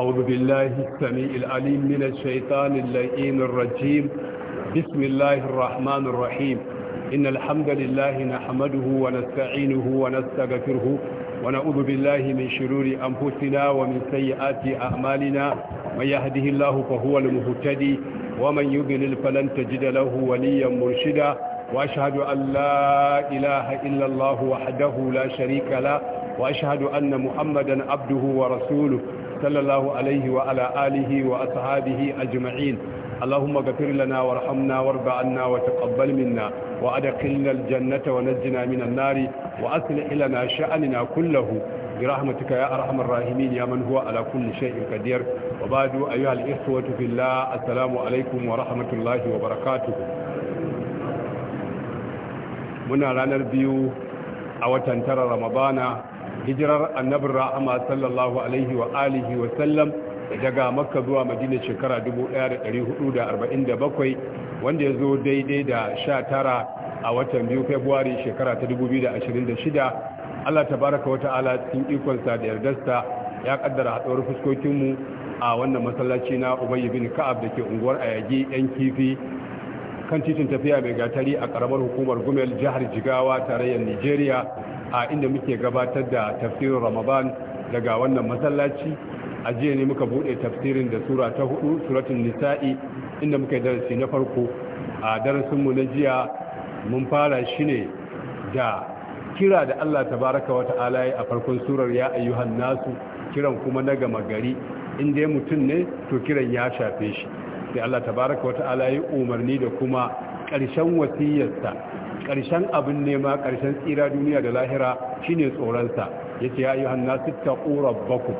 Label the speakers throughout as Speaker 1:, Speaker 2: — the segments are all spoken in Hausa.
Speaker 1: أعوذ بالله السميع العليم من الشيطان اللئيم الرجيم بسم الله الرحمن الرحيم إن الحمد لله نحمده ونستعينه ونستغفره ونعوذ بالله من شرور أنفسنا ومن سيئات أعمالنا من يهده الله فهو المهتدي ومن يضلل فلن تجد له وليا مرشدا وأشهد أن لا إله إلا الله وحده لا شريك له وأشهد أن محمدا عبده ورسوله sallallahu alaihi wa ala alihi wa ashabihi ajma'in allahumma ghafir lana warhamna warba anna wa taqabbal minna wa adkhilna aljannata wa najjina minan nari wa aslih lana sha'nana kullahu bi rahmatika ya arhamar rahimin ya man huwa ala kulli shay'in qadir wa ba'du ayuha al-ikhwatu fillah assalamu alaikum wa rahmatullahi wa barakatuh muna ranar biyu a watan tara ramadana hijirar annabin rahama sallallahu alaihi wa alihi wa sallam daga makka zuwa madina shekara 1447 wanda ya zo daidai da sha tara a watan biyu februari shekara ta 2026 allah tabaraka wa ta'ala cikin ikonsa da yardasta ya kaddara haɗuwar fuskokinmu a wannan masallaci na ubayy ka'ab da ke unguwar ayagi yan kifi kan titin tafiya mai gatari a karamar hukumar gumel jihar jigawa tarayyar nigeria a inda muke gabatar da tafsirin ramadan daga wannan masallaci a jiya ne muka bude tafsirin da sura ta hudu suratun nisa'i inda muka yi darasi na farko a darasinmu na jiya mun fara shi ne da kira da allah Ta baraka wata ya a farkon surar ya ayyuhan nasu kiran kuma na gama gari in dai mutum ne to kiran ya shafe shi sai Allah tabaraka wa ta'ala ya umarni da kuma ƙarshen wasiyarsa ƙarshen abin nema ƙarshen tsira duniya da lahira shine tsoronsa yace ya ayyuhan nasu taqu rabbakum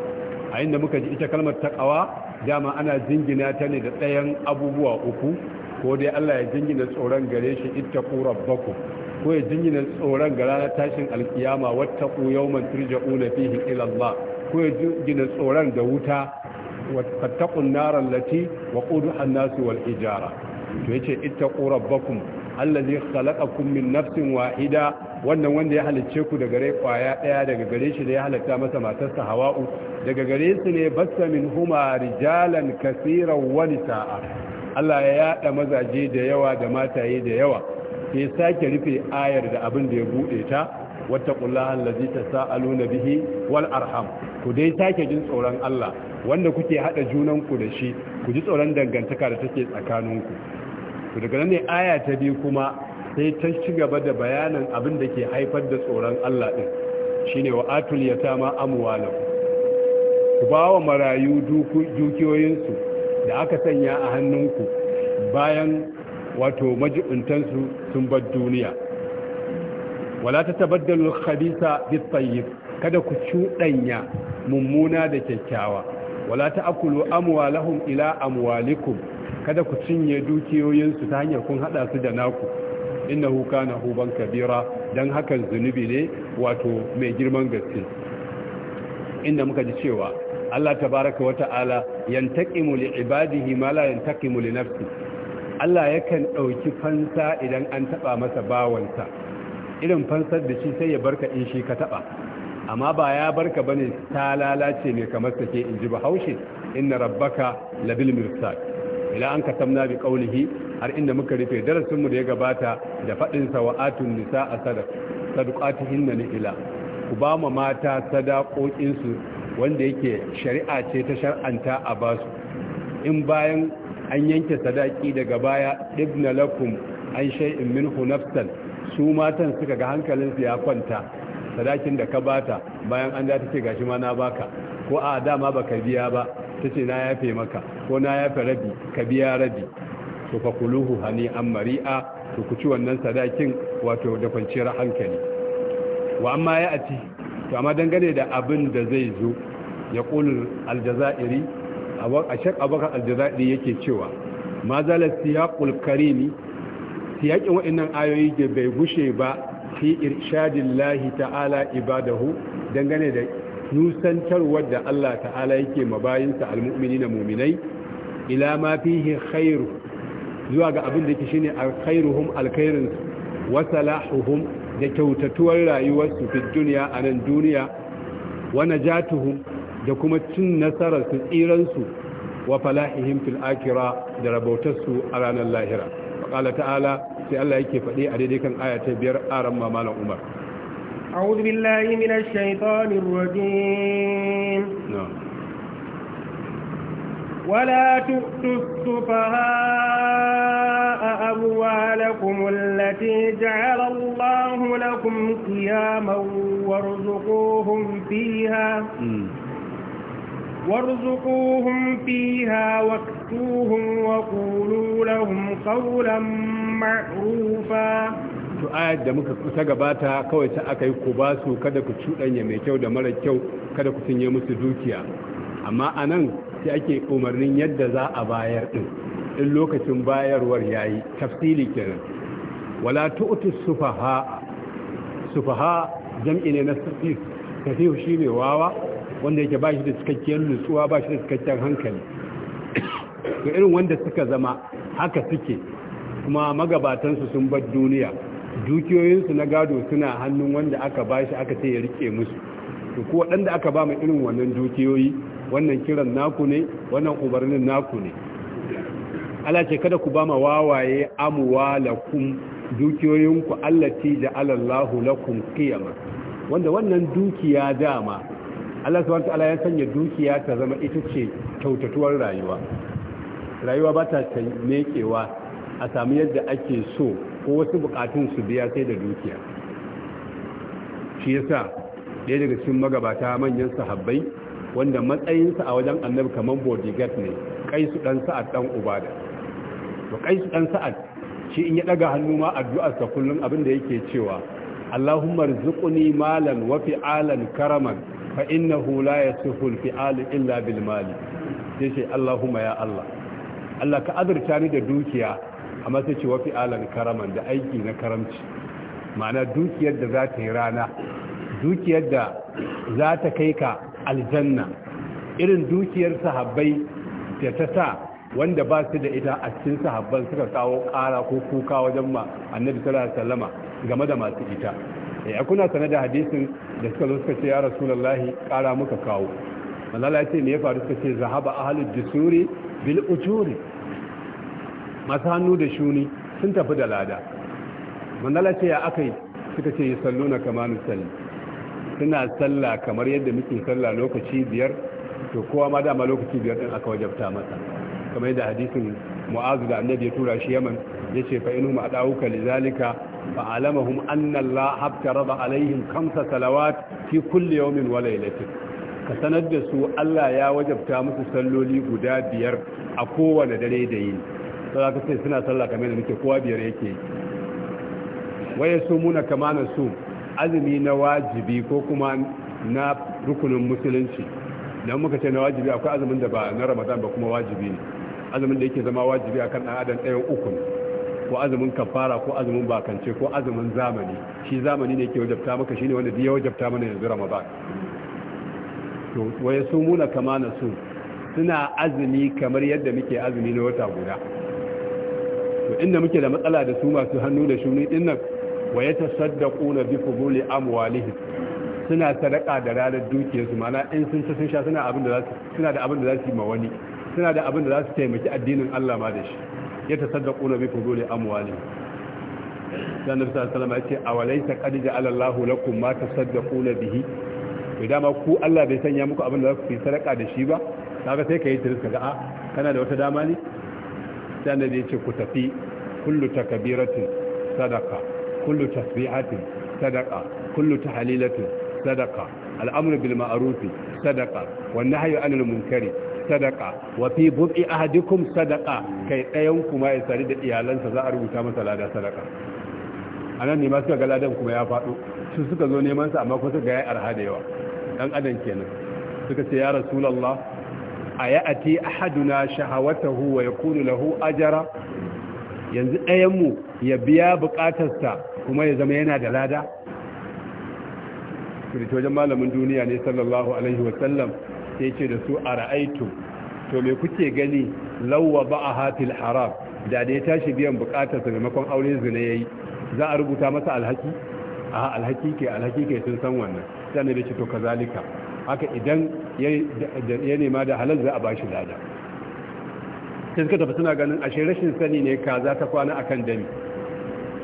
Speaker 1: a inda muka ji ita kalmar taqwa dama ana jingina ta ne da tsayan abubuwa uku ko dai Allah ya jingina tsoron gare shi ittaqu rabbakum ko ya jingina tsoron ga ranar tashin alkiyama wattaqu yawman turja'una fihi ila Allah ko ya jingina tsoron da wuta wattaqun naral lati waquduha an-nas wal ijara to yace ittaqu rabbakum allazi khalaqakum min nafsin wahida wannan wanda ya halicce ku daga rai kwaya daya daga gare shi da ya halatta masa matarsa hawa'u daga gare su ne basta min huma rijalan kaseeran wa nisaa Allah ya yada mazaje da yawa da mataye da yawa sai sake rufe ayar da abin da ya bude ta wattaqullaha allazi tasaaluna bihi wal arham ku dai sake jin tsoron Allah wanda kuke hada junan ku da shi ku ji tsoron dangantaka da take tsakanin ku to daga nan ne aya ta biyu kuma sai ta ci gaba da bayanin abin da ke haifar da tsoron Allah din shine wa atul yatama amwalahu ku ba wa marayu dukiyoyinsu da aka sanya a hannunku bayan wato majibintansu sun bar duniya wala ta tabaddalu khabisa bit kada ku cuɗanya mummuna da kyakkyawa wala ta akulu amwalahum ila amwalikum kada ku cinye dukiyoyinsu ta hanyar kun hada su da naku innahu kana huban kabira dan hakan zunubi ne wato mai girman gaske inda muka ji cewa Allah tabaraka wa ta'ala yantaqimu li ibadihi ma la yantaqimu li nafsi Allah yakan dauki fansa idan an taba masa bawansa irin fansar da shi sai ya barka in shi ka taba amma ba ya barka bane ta lalace ne kamar take in ji bahaushe inna rabbaka labil mirsad ila an katamna bi qawlihi har inda muka rufe darasinmu da ya gabata da fadin sa wa atun nisa asadaq ila ku ba mu mata sadaqoqin su wanda yake shari'a ce ta shar'anta a basu in bayan an yanke sadaki daga baya ibna lakum an shay'in minhu nafsan su matan suka ga hankalinsu ya kwanta sadakin da ka bata bayan an da ta ce gashi ma na baka ko a dama baka biya ba ta ce na yafe maka ko na yafe rabi ka biya rabi to fa kuluhu hani an mari'a to ku ci wannan sadakin wato da kwanciyar hankali wa amma ya ati to amma dangane da abin da zai zo ya kulul aljazairi a shek abubakar aljazairi yake cewa ma zalar siyaqul karimi siyakin waɗannan ayoyi da bai gushe ba fi irshadillahi ta'ala ibadahu dangane da nusantarwar da Allah ta'ala yake mabayinsa almu'minina mu'minai ila ma fihi khairu zuwa ga abin da yake shine alkhairuhum alkhairin wa salahuhum da kyautatuwar rayuwarsu fi duniya a nan duniya wa najatuhum da kuma cin nasarar su tsiransu wa falahihim fil akhirah da rabautarsu a ranar lahira qala ta'ala sai Allah yake faɗi a daidai kan aya ta biyar aran mamalan Umar
Speaker 2: أعوذ بالله من الشيطان الرجيم نعم ولا تؤتوا السفهاء أموالكم التي جعل الله لكم قياما وارزقوهم فيها وارزقوهم فيها وقت فاكسوهم وَقُولُوا لَهُمْ قَوْلًا مَّعْرُوفًا
Speaker 1: to ayat da muka ta gabata kawai ta aka yi ku basu kada ku cuɗanya mai kyau da mara kyau kada ku cinye musu dukiya amma a nan sai ake umarnin yadda za a bayar ɗin in lokacin bayarwar ya yi tafsili kenan wala tu'tu sufaha sufaha jam'i ne na sufi kafi shi ne wawa wanda yake ba shi da cikakkiyar nutsuwa ba shi da cikakken hankali to irin wanda suka zama haka suke kuma magabatansu sun bar duniya dukiyoyinsu na gado suna hannun wanda aka bashi aka ce ya rike musu to ko waɗanda aka ba mu irin wannan dukiyoyi wannan kiran naku ne wannan umarnin naku ne Allah ce kada ku ba ma wawaye amwalakum dukiyoyinku allati ja'ala Allahu lakum qiyama wanda wannan dukiya dama Allah subhanahu wa ta'ala ya sanya dukiya ta zama ita ce kyautatuwar rayuwa rayuwa ba ta mekewa a sami yadda ake so ko wasu bukatun su biya sai da dukiya shi yasa ɗaya daga cikin magabata manyan sahabbai wanda matsayinsa a wajen annabi kamar bodyguard ne kai su dan sa'ad dan ubada to kai su dan sa'ad shi in ya daga hannu ma addu'arsa kullum abin da yake cewa Allahumma rzuqni malan wa fi'alan karaman fa innahu la yasihu al-fi'al illa bil mali sai Allahumma ya Allah Allah ka azurta ni da dukiya a sai wafi alan karaman da aiki na karamci ma'ana dukiyar da za ta yi rana dukiyar da za ta kai ka aljanna irin dukiyar sahabbai da ta sa wanda ba su da ita a cikin sahabban suka kawo ƙara ko kuka wajen ma annabi sallallahu alaihi wasallama game da masu ita eh akuna sana da hadisin da suka zo suka ce ya rasulullahi ƙara muka kawo Allah ya ce me ya faru suka ce zahaba ahlul jusuri bil ujuri masu hannu da shuni sun tafi da lada manzala ce ya aka yi suka ce yi sallu na kama nusalli suna sallah kamar yadda muke sallah lokaci biyar to kowa ma dama lokaci biyar din aka wajabta masa kamar yadda hadisin mu'azu da annabi ya tura shi yaman ya ce fa inuhum adawuka lizalika fa alamahum anna allah raba alaihim kamsa salawat fi kulli yawmin wa laylatin ka sanar da su allah ya wajabta musu salloli guda biyar a kowane dare da yini sai aka ce suna sallah kamar yadda muke kowa biyar yake waye su muna kama na su azumi na wajibi ko kuma na rukunin musulunci dan muka ce na wajibi akwai azumin da ba na ramadan ba kuma wajibi ne azumin da yake zama wajibi akan dan adam ɗayan uku ko azumin kafara ko azumin bakance ko azumin zamani shi zamani ne ke wajabta maka shine wanda ya wajabta mana yanzu ramadan to waye su muna kama na su suna azumi kamar yadda muke azumi na wata guda to inda muke da matsala da su masu hannu da shuni dinnan nan wa ya tasaddaquna bi fuduli amwalihim suna sadaka da ranar dukiyarsu mana in sun sun sha suna abin da zasu suna da abin da za su yi ma wani suna da abin da za su taimaki addinin Allah ma da shi ya tasaddaquna bi fuduli amwalihim dan nabi sallallahu alaihi wasallam ya ce awalaysa qad ja'ala Allahu lakum ma tasaddaquna bihi idan ma ku Allah bai sanya muku abin da za ku yi sadaka da shi ba kaga sai ka yi tirka da a kana da wata dama ne sai annabi ya ce ku tafi kullu kabiratin sadaka kullu tasbihatin sadaka kullu tahlilatin sadaka Bilma bil ma'ruf sadaka wan nahyu anil munkari sadaka wafi buɗi a ahadikum sadaka kai ɗayan kuma ya sari da iyalansa za a rubuta masa lada sadaka anan ne suka ga ladan kuma ya faɗo su suka zo neman sa amma kuma suka ga ya arha da yawa ɗan adam kenan suka ce ya rasulallah a ya'ati ahaduna shahawatahu wa yakunu lahu ajara yanzu ɗayan mu ya biya bukatarsa kuma ya zama yana da lada kirito wajen malamin duniya ne sallallahu alaihi wa sallam sai ce da su a ra'aitu to me kuke gani ba a hafil haram da da ya tashi biyan sa maimakon aure zina yayi za a rubuta masa alhaki a alhaki ke alhaki ke sun san wannan sannan da ce to kazalika haka idan ya nema da halal za a bashi lada sai suka tafi suna ganin ashe rashin sani ne ka za ta kwana akan dami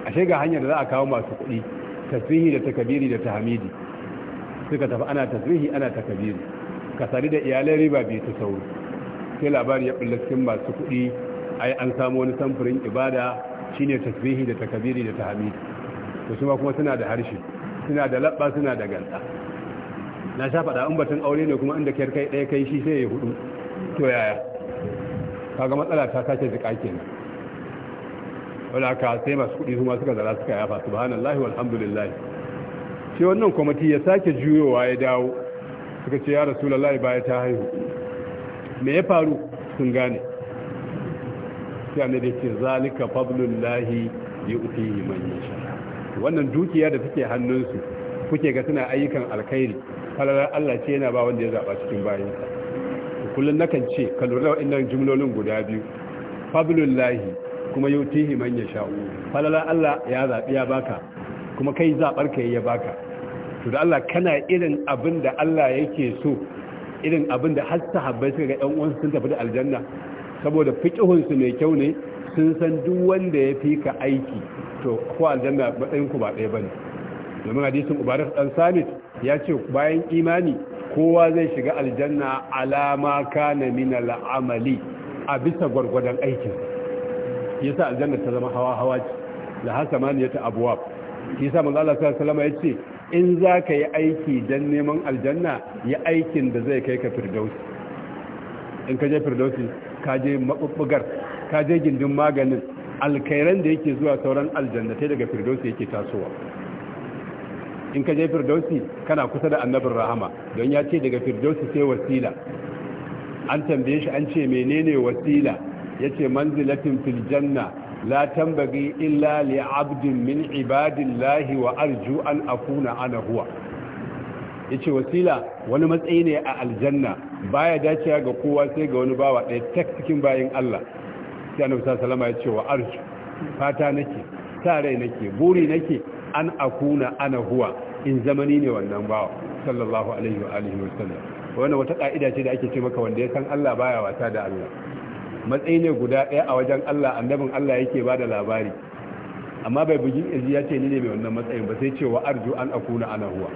Speaker 1: ashe ga hanyar da za a kawo masu kuɗi tasrihi da takabiri da tahamidi suka tafi ana tasrihi ana takabiri ka sari da iyalai riba biyu ta sauri sai labari ya bulla cikin masu kuɗi yi an samu wani samfurin ibada shine tasrihi da takabiri da tahamidi to kuma suna da harshe suna da labba suna da gantsa na sha faɗa in batun aure ne kuma inda kyar kai ɗaya kai shi sai ya hudu to yaya kaga matsala ta sake jika kenan wala ka sai masu kuɗi kuma suka zara suka yafa subhanallahi walhamdulillah shi wannan kwamiti ya sake juyowa ya dawo suka ce ya rasulullahi baya ta haihu me ya faru sun gane sai da ke zalika fadlullahi yu'tihi man yasha wannan dukiya da take hannunsu kuke ga suna ayyukan alkhairi falalar Allah ce yana ba wanda ya zaba cikin bayansa kullun nakan ce ka lura da jumlolin guda biyu fadlullahi kuma yautihi man yasha'u falalar Allah ya zabi ya baka kuma kai zabar ka ya baka to da Allah kana irin abin da Allah yake so irin abin da har sahabbai suka ga ɗan uwansu sun tafi da aljanna saboda fiqihun mai kyau ne sun san duk wanda ya fi ka aiki to ko aljanna matsayin ku ba ɗaya bane domin hadisin ubarak dan samit ya ce bayan imani kowa zai shiga aljanna alama kana min al'amali a bisa gwargwadon aikin yasa aljanna ta zama hawa hawa ce la hasamaniyata abwab yasa manzo Allah sallallahu alaihi wasallam in za ka yi aiki don neman aljanna ya aikin da zai kai ka firdausi in ka je firdausi ka je maɓuɓɓugar ka je gindin maganin alkairan da yake zuwa sauran aljannatai daga firdausi yake tasowa in ka je firdausi kana kusa da annabin rahama don ya ce daga firdausi sai wasila an tambaye shi an ce menene wasila ya ce manzilatin fil janna la tambagi illa li abdin min ibadillahi wa arju an akuna ana huwa ya ce wasila wani matsayi ne a aljanna baya dacewa ga kowa sai ga wani bawa ɗaya tak cikin bayan Allah sai annabi sallallahu ya ce wa arju fata nake sa rai nake buri nake an akuna ana huwa in zamani ne wannan bawa sallallahu alaihi wa alihi wa sallam wannan wata ka'ida ce da ake ce maka wanda ya san Allah baya wasa da Allah matsayi ne guda ɗaya a wajen Allah annabin Allah yake ba da labari amma bai bugin izi ya ce ni ne mai wannan matsayin ba sai ce wa arju an akuna ana huwa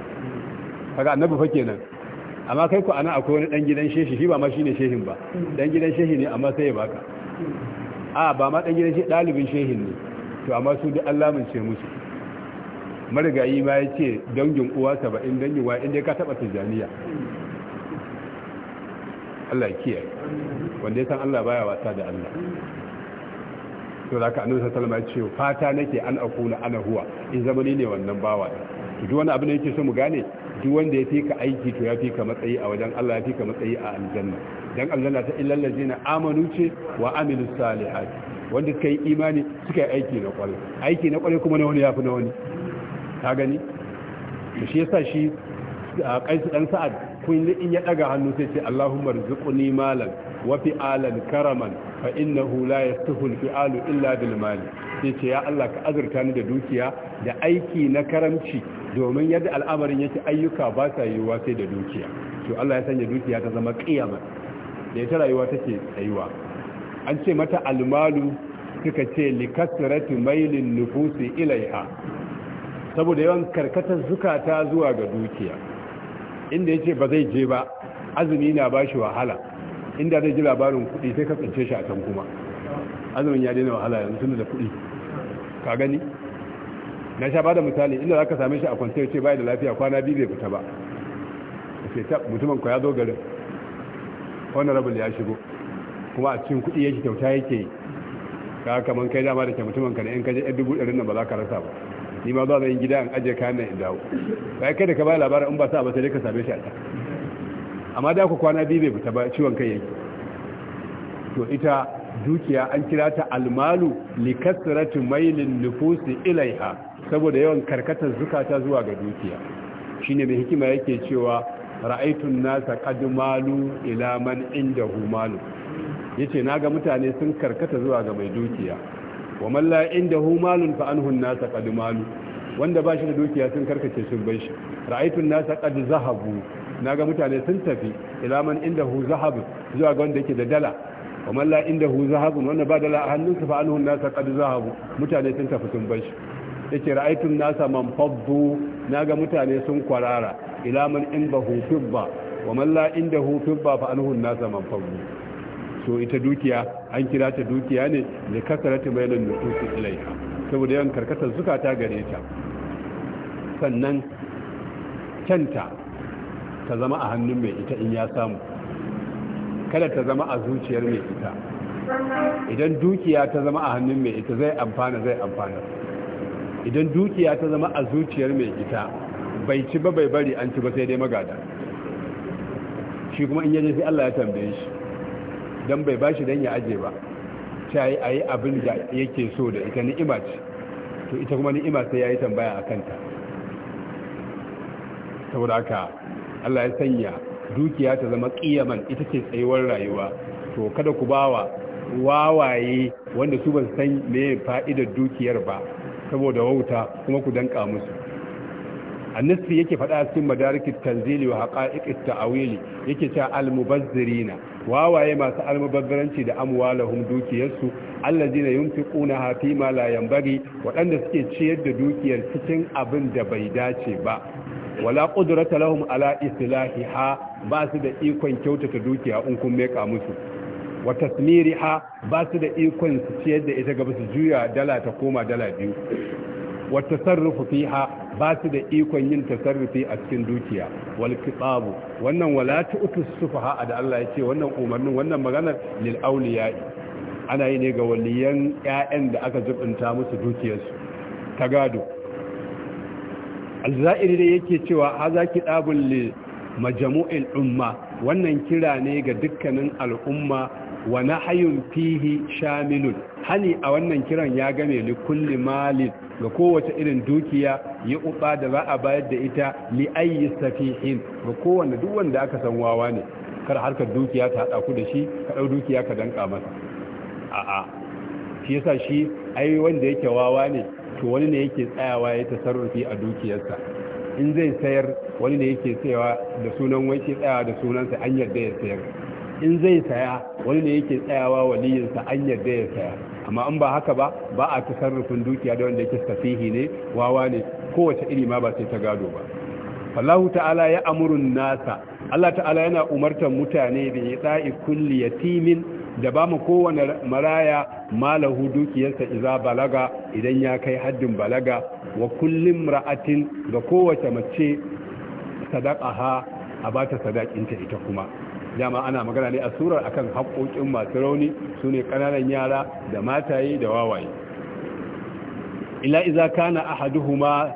Speaker 1: kaga annabi fa kenan amma kai ku ana akwai wani dan gidan shehi shi ba ma shine shehin ba dan gidan shehi ne amma sai ya baka a ba ma dan gidan shehi dalibin shehin ne to amma su duk Allah mun ce musu marigayi ma ya ce dangin uwa saba'in dangin wa inda ka taɓa tijjaniya Allah kiyaye wanda ya san Allah baya wasa da Allah to da ka annabi sallallahu alaihi wasallam ya ce fata nake an akuna ana huwa in zama ne wannan bawa to duk wani abu ne yake so mu gane duk wanda ya fika aiki to ya fika matsayi a wajen Allah ya fika matsayi a aljanna dan aljanna ta illal ladina amanu ce wa amilus salihat wanda suka yi imani suka yi aiki na kwarai aiki na kwarai kuma na wani yafi na wani ka gani da shi yasa shi a kaisu dan sa'ad kun in ya daga hannu sai ce Allahumma rizquni malan wa fi'alan karaman fa innahu la yastahu al-fi'alu illa bil mali sai ce ya Allah ka azurta ni da dukiya da aiki na karamci domin yadda al'amarin yake ayyuka ba sa yiwuwa sai da dukiya to Allah ya sanya dukiya ta zama qiyama da ita rayuwa take tsayuwa an ce mata almalu suka ce likasrati mailin nufusi ilaiha saboda yawan karkatar zukata zuwa ga dukiya inda yace ba zai je ba azumi na bashi wahala inda zai ji labarin kuɗi sai ka tsince shi a can kuma azumin ya daina wahala yanzu tun da kuɗi ka gani na sha ba da misali inda za ka same shi a kwanciyar ce bayan da lafiya kwana biyu bai fita ba sai ta mutumin ya zo garin wani rabin ya shigo kuma a cikin kuɗi yake kyauta yake yi ka kamar kai dama da ke mutumin ka da in kaje yan dubu ɗarin nan ba za ka rasa ba ni ma zuwa zan gida an ajiye ka nan in dawo kai kada ka ba labarin in ba sa ba sai dai ka same shi a ta amma da ku kwana biyu bai fita ba ciwon kai yake to ita dukiya an kira ta almalu li kasrati mailin nufusi ilaiha saboda yawan karkatar zukata zuwa ga dukiya shine mai hikima yake cewa ra'aitun nasa qad malu ila man indahu malu yace naga mutane sun karkata zuwa ga mai dukiya wa man la hu malun fa anhu an nasa qad malu wanda ba shi da dukiya sun karkace sun bai shi ra'aytu an-nas qad zahabu naga mutane sun tafi ila man inda hu zahab zuwa ga wanda yake da dala wa man la hu zahab wanda ba dala a hannunsa fa anhu an nasa qad zahabu mutane sun tafi sun bai shi yace ra'aytu an nasa man faddu naga mutane sun kwarara ila man hu fibba wa man la hu fibba fa anhu an nasa man faddu to ita dukiya an kira ta dukiya ne da kasarati mai nan nufusu ilaiha saboda yawan karkatar zukata gare ta sannan kyanta ta zama a hannun mai ita in ya samu kada ta zama a zuciyar mai ita idan dukiya ta zama a hannun mai ita zai amfana zai amfana idan dukiya ta zama a zuciyar mai ita bai ci ba bai bari an ci ba sai dai magada shi kuma in yaje sai Allah ya tambaye shi don bai ba shi don ya aje ba ta yi a yi abin da yake so da ita ni'ima ce to ita kuma ni'ima sai ya yi tambaya a kanta saboda haka allah ya sanya dukiya ta zama ƙiyaman ita ce tsayuwar rayuwa to kada ku bawa wawaye wanda su ban san me fa'idar dukiyar ba saboda wauta kuma ku danka musu annasi yake faɗa cikin madarikin tanzili wa haqa'iqit ta'awili yake cewa al-mubazzirina wawaye masu almubazzaranci da amwalahum dukiyarsu allazina yunfiquna ha fi ma la yanbaghi wadanda suke ciyar da dukiyar cikin abin da bai dace ba wala qudrata lahum ala islahiha ba su da ikon kyautata dukiya in kun meka musu wa tasmiriha ba su da ikon su ciyar da ita gaba su juya dala ta koma dala biyu wa tasarrufu fiha ba su da ikon yin tasarrufi a cikin dukiya wal kitabu wannan wala tu'tu sufaha da Allah ya ce wannan umarnin wannan maganar lil awliya ana yi ne ga waliyan ƴaƴan da aka zubunta musu dukiyarsu ta gado al alzairi da yake cewa haza kitabul li majmu'il umma wannan kira ne ga dukkanin al'umma wa nahyun fihi shamilun hani a wannan kiran ya game li kulli malik ga kowace irin dukiya ya uba da za a bayar da ita li ayi safihin ga kowane duk wanda aka san wawa ne kar harkar dukiya ta hada ku da shi ka dau dukiya ka danka masa a'a shi yasa shi ai wanda yake wawa ne to wani ne yake tsayawa ya tasarrufi a dukiyarsa in zai sayar wani ne yake tsayawa da sunan tsayawa da sunansa an yarda ya sayar in zai saya wani ne yake tsayawa waliyinsa an yarda ya saya amma in ba haka ba ba a rufin dukiya da wanda yake safihi ne wawa ne kowace iri ma ba sai ta gado ba Allahu ta'ala ya amuru nasa Allah ta'ala yana umartar mutane da ya tsa'i kulli yatimin da ba mu kowane maraya malahu dukiyarsa iza balaga idan ya kai haddin balaga wa kullum ra'atin ga kowace mace sadaka ha a bata sadakinta ita kuma dama ana magana ne a surar akan haƙoƙin masu rauni su ne ƙananan yara da mataye da wawaye ila iza kana ahaduhuma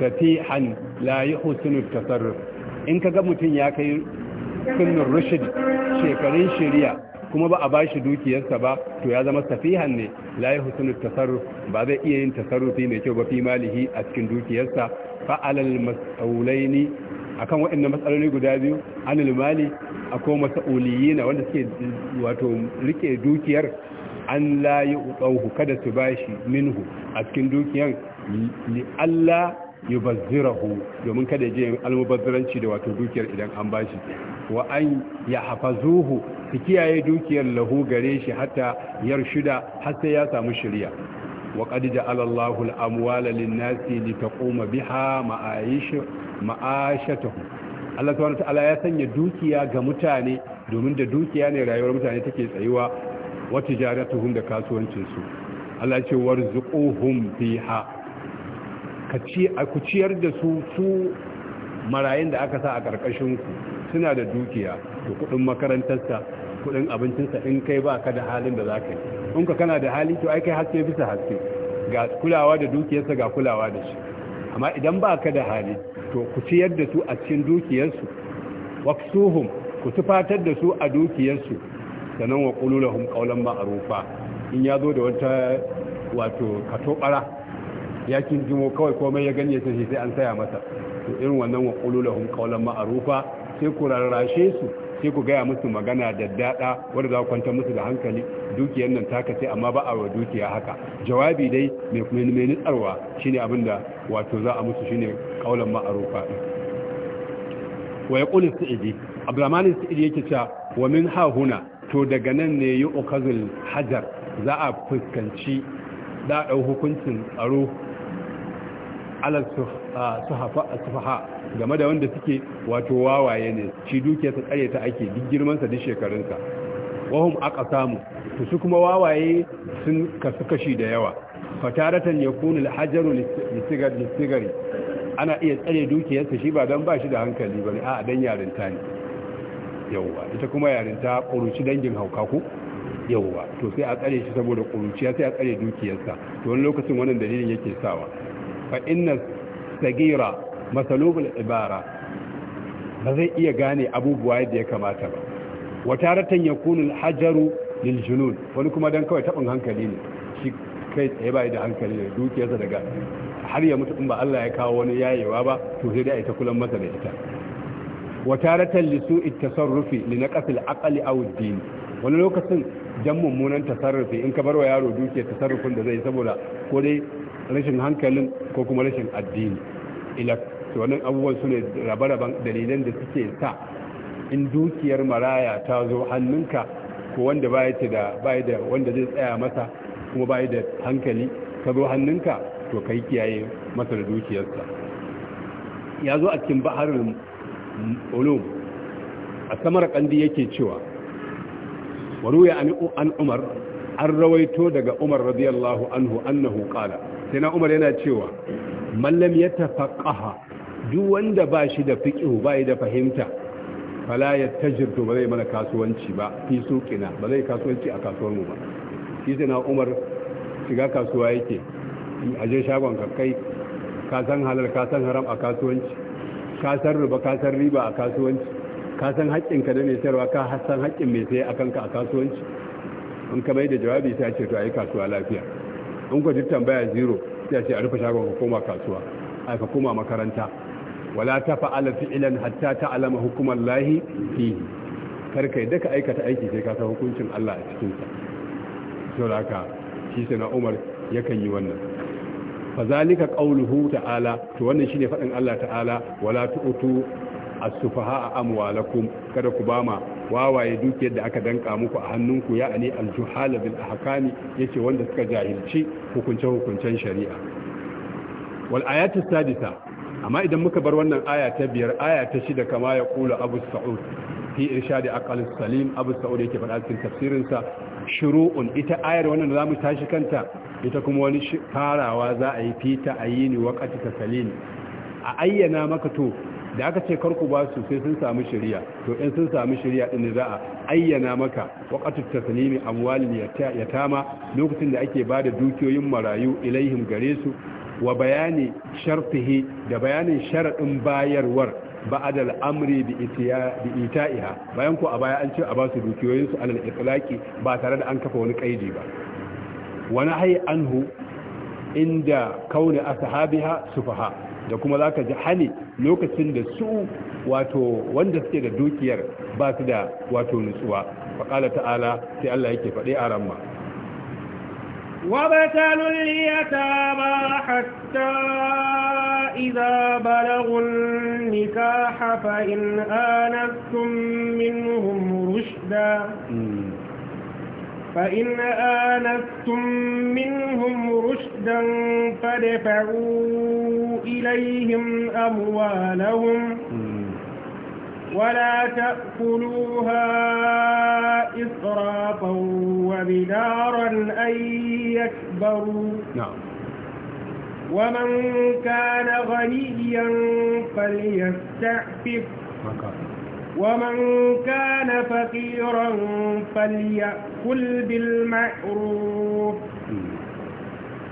Speaker 1: fatihan han layi at-tasarruf in ka ga mutum ya kai sunan rushd shekarun shirya kuma ba a bashi dukiyarsa ba to ya zama safihan ne layi yuhsinu tasarruf ba zai iya yin tasarrufi mai kyau ba fi malihi a cikin dukiyarsa fa'alal alal akan waɗannan matsaloli guda biyu anil mali akwai masa'uliyina wanda suke wato rike dukiyar an layi uɗauhu kada su bashi minhu a cikin dukiyar li Allah yubazzirahu domin kada ya je almubazziranci da wato dukiyar idan an bashi wa an ya zuhu su kiyaye dukiyar lahu gare shi hatta yar shida sai ya samu shirya wa qad ja'ala Allahu al-amwala lin-nasi biha ma'ayish ma'ashatahu Allah subhanahu ta'ala ya sanya dukiya ga mutane domin da dukiya ne rayuwar mutane take tsayuwa wa tijaratuhum da kasuwancin su Allah ya ce warzuquhum fiha ka ci ku ciyar da su su marayun da aka sa a karkashin ku suna da dukiya to kudin sa kudin sa in kai ba ka da halin da zaka yi in ka kana da hali to ai kai haske bisa haske ga kulawa da dukiyarsa ga kulawa da shi amma idan ba ka da hali to ku ciyar da su a cikin dukiyarsu waksuhum ku tufatar da su a dukiyarsu sannan wa qululahum qawlan ma'rufa in ya zo da wata wato katobara yakin jimo kawai komai ya ya sai sai an saya masa to irin wannan wa qululahum qawlan ma'rufa sai ku rarrashe su sai ku gaya musu magana da dada wanda za ku kwanta musu da hankali dukiyar nan taka sai amma ba a wa dukiya haka jawabi dai mai mai nutsarwa shine abin da wato za a musu shine kaulan ma'arufa wa yaqulu sa'idi abdurrahman sa'idi yake cewa wa min ha huna to daga nan ne yi hajar za a fuskanci da hukuncin tsaro alal tuhafa game da wanda suke wato wawaye ne shi dukiyarsa tsare ta ake duk girmansa duk shekarunsa wahum aka samu to su kuma wawaye sun kasu kashi da yawa fataratan ya hajaru lisigar lisigari ana iya tsare dukiyarsa shi ba dan ba da hankali ba ne a dan yarinta ne yawa ita kuma yarinta ƙuruci dangin hauka ko yawa to sai a tsare shi saboda ƙuruciya sai a tsare dukiyarsa to wani lokacin wannan dalilin yake sawa Fa'inna sagira masalubul ibara ba zai iya gane abubuwa yadda ya kamata ba wa taratan yakunu hajaru lil junun wani kuma dan kawai tabin hankali ne shi kai tsaye ba da hankali ne dukiyarsa daga har ya mutu in ba Allah ya kawo wani yayewa ba to sai dai ta kullum masa da ita wa taratan li su'i tasarrufi li na kasil akali a din wani lokacin jan mummunan tasarrufi in ka bar wa yaro dukiyar tasarrufin da zai saboda ko dai rashin hankalin ko kuma rashin addini ila wannan abubuwan su ne rabe-raben dalilan da suke sa in dukiyar maraya ta zo hannunka ko wanda baya ce da baya da wanda zai tsaya masa kuma baya da hankali ka zo hannunka to kai kiyaye masa da dukiyarsa ya zo a cikin baharin ulum a samar kandi yake cewa waruya an umar an rawaito daga umar radiyallahu anhu annahu qala sai na umar yana cewa mallam ya tafaqaha duk wanda ba shi da fiqh ba da fahimta fala ya tajirto ba zai mana kasuwanci ba fi suqina ba zai kasuwanci a kasuwar mu ba shi sai na umar shiga kasuwa yake a je shagon ka kai ka san halal ka san haram a kasuwanci ka san ruba ka san riba a kasuwanci ka san haƙƙin ka da mai sayarwa ka san haƙƙin mai saye akan ka a kasuwanci in ka mai da jawabi sai a ce to ayi kasuwa lafiya in ku tambaya zero sai ce a rufe shagon ka kasuwa a ka koma makaranta wala ta fa'ala fi'ilan, hatta ta alama hukumar lahi fi karkai da aikata aiki sai ka san hukuncin Allah a cikin sa saboda haka shi sai na Umar yakan yi wannan fazalika qauluhu ta'ala to wannan shine fadin Allah ta'ala wala tu'tu as-sufaha'a amwalakum kada ku bama wawaye dukiyar da aka danka muku a hannunku ya ani al-juhala bil ahkami yace wanda suka jahilci hukunce-hukuncen shari'a wal ayatu sadisa amma idan muka bar wannan aya ta biyar aya ta shida kama ya kula abu sa'ud fi irshadi aqal salim abu sa'ud yake faɗa cikin tafsirin sa shuru'un ita ayar wannan da zamu tashi kanta ita kuma wani farawa za a yi fita ayini waqati ta salim a ayyana maka to da aka ce karku ba su sai sun samu shari'a to in sun samu shari'a din za a ayyana maka waqatu tasnimi amwalil yatama lokacin da ake ba da dukiyoyin marayu ilaihim gare su wa bayani shartihi da bayanin sharadin bayarwar ba'ad al-amri bi ita'iha bayan ko a baya an ce a ba su dukiyoyin su alal itlaqi ba tare da an kafa wani kaidi ba wa nahi anhu inda kauni ashabiha sufaha da kuma za ka ji hane lokacin da su wato wanda suke da dukiyar ba su da wato nutsuwa faƙala ta'ala sai Allah yake faɗi a ramma وابتلوا
Speaker 2: اليتامى حتى إذا بلغوا النكاح فإن آنستم منهم رشدا فإن آنستم منهم رشدا فادفعوا إليهم أموالهم ولا تأكلوها إسرافا وبدارا أن يكبروا نعم ومن كان غنيا فليستعفف ومن كان فقيرا فليأكل بالمعروف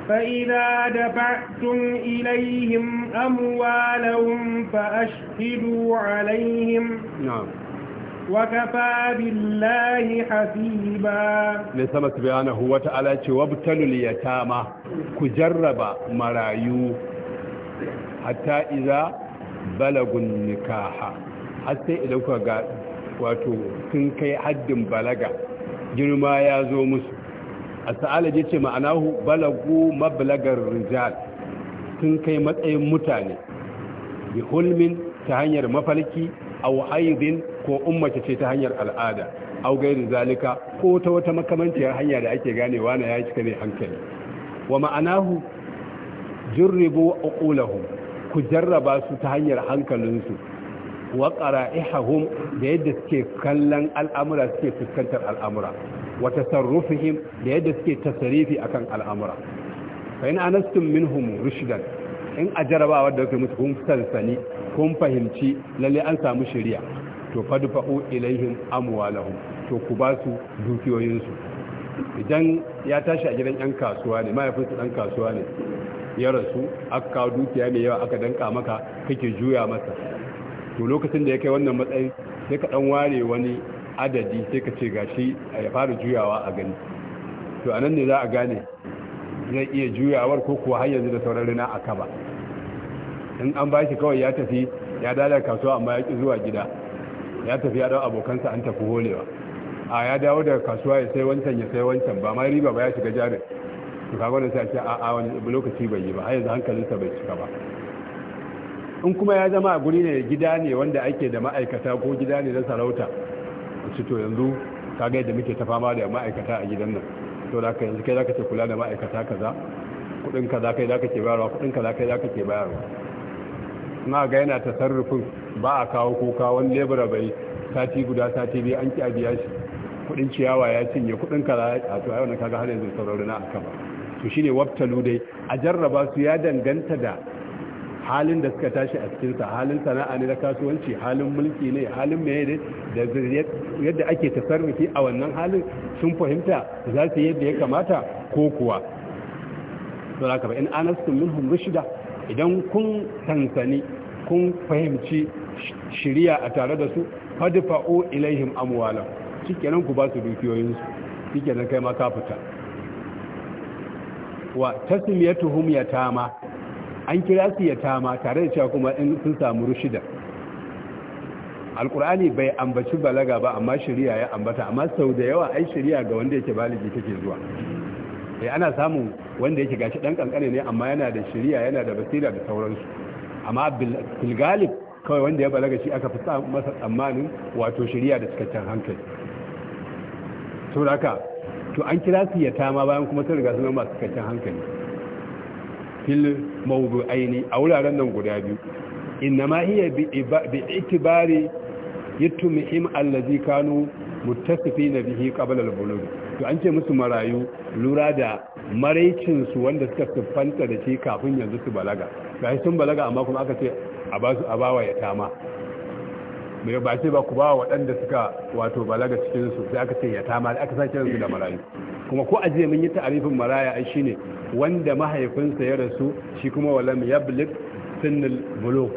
Speaker 2: فإذا دفعتم إليهم أموالهم فأشهدوا عليهم نعم وكفى بالله حسيبا
Speaker 1: لسما سبحانه وتعالى وابتلوا اليتامى كجرب مرايو حتى إذا بلغوا النكاح har sai idan kuka ga wato sun kai haddin balaga girma ya zo musu a sa'ala ya ce hu balagu mablagar rijal sun kai matsayin mutane bi hulmin ta hanyar mafalki a aibin ko ummata ce ta hanyar al'ada aw gairin zalika ko ta wata makamanciyar hanya da ake ganewa na ya cika ne hankali wa ma'anahu jurribu aqulahum ku jarraba su ta hanyar hankalinsu wa qara'ihum da yadda suke kallon al'amura suke fuskantar al'amura wa tasarrufihim da yadda suke tasarifi akan al'amura fa in anastum minhum rushdan in a jarabawa da kai musu kun sansani kun fahimci lalle an samu shari'a to fadfa'u ilaihim amwalahum to ku ba su dukiyoyinsu idan ya tashi a gidan yan kasuwa ne mahaifinsu dan kasuwa ne ya rasu aka kawo dukiya mai yawa aka danka maka kake juya masa to lokacin da ya kai wannan matsayin sai ka dan ware wani adadi sai ka ce gashi ya fara juyawa a gani to anan ne za a gane zai iya juyawar ko kuwa har yanzu da sauran rina a kaba in an ba shi kawai ya tafi ya dala kasuwa amma ya ki zuwa gida ya tafi ya dawo abokansa an tafi holewa a ya dawo daga kasuwa ya sai wancan ya sai wancan ba ma riba ba ya shiga jarin to kaga wannan sai a ce a a wani lokaci bai yi ba har yanzu hankalinsa bai cika ba in kuma ya zama a guri ne gida ne wanda ake da ma'aikata ko gida ne na sarauta su to yanzu ka ga yadda muke ta fama da ma'aikata a gidan nan to da yanzu kai zaka ce kula da ma'aikata kaza kudin za kai zaka ke bayarwa kudin za kai zaka ke bayarwa na ga yana sarrufin ba a kawo kuka wani lebura bai sati guda sati biyu an ki a biya shi kudin ciyawa ya cinye kudin ka a to ayyana kaga har yanzu sauraro na aka ba to shine wabtalu dai a jarraba su ya danganta da halin da suka tashi a cikinsa halin sana'a ne na kasuwanci halin mulki ne halin mai ne da yadda ake tasarrufi a wannan halin sun fahimta za su yadda ya kamata ko kuwa don haka in anastum minhum rushda idan kun sansani kun fahimci shiriya a tare da su fadfa'u ilaihim amwala shikenan ku ba su su shikenan kai ma ka fita wa tasmiyatuhum yatama an kira su ma tare da cewa kuma in sun samu rushida alkur'ani bai ambaci balaga ba amma shari'a ya ambata amma sau da yawa ai shari'a ga wanda yake baligi take zuwa sai eh, ana samun wanda yake gashi dan kankane ne amma yana da shari'a yana da basira da sauransu amma bil galib kawai wanda ya balaga shi aka fi sa masa tsammanin wato shari'a da cikakken hankali to haka to an kira su ma bayan kuma sun riga sun masu cikakken hankali fil mawdu'aini a wuraren nan guda biyu ma hiya bi itibari yattumihim allazi kanu muttasifina bihi qabla al-bulugh to an ce musu marayu lura da maraicin su wanda suka siffanta da shi kafin yanzu su balaga sai sun balaga amma kuma aka ce a ba su abawa ya tama bai ba ce ba ku ba waɗanda suka wato balaga cikin su sai aka ce ya tama aka sa kiransu da marayu kuma ko ajiye mun yi ta'arifin maraya ai shine wanda mahaifinsa ya rasu shi kuma walam yablig sinnul bulugh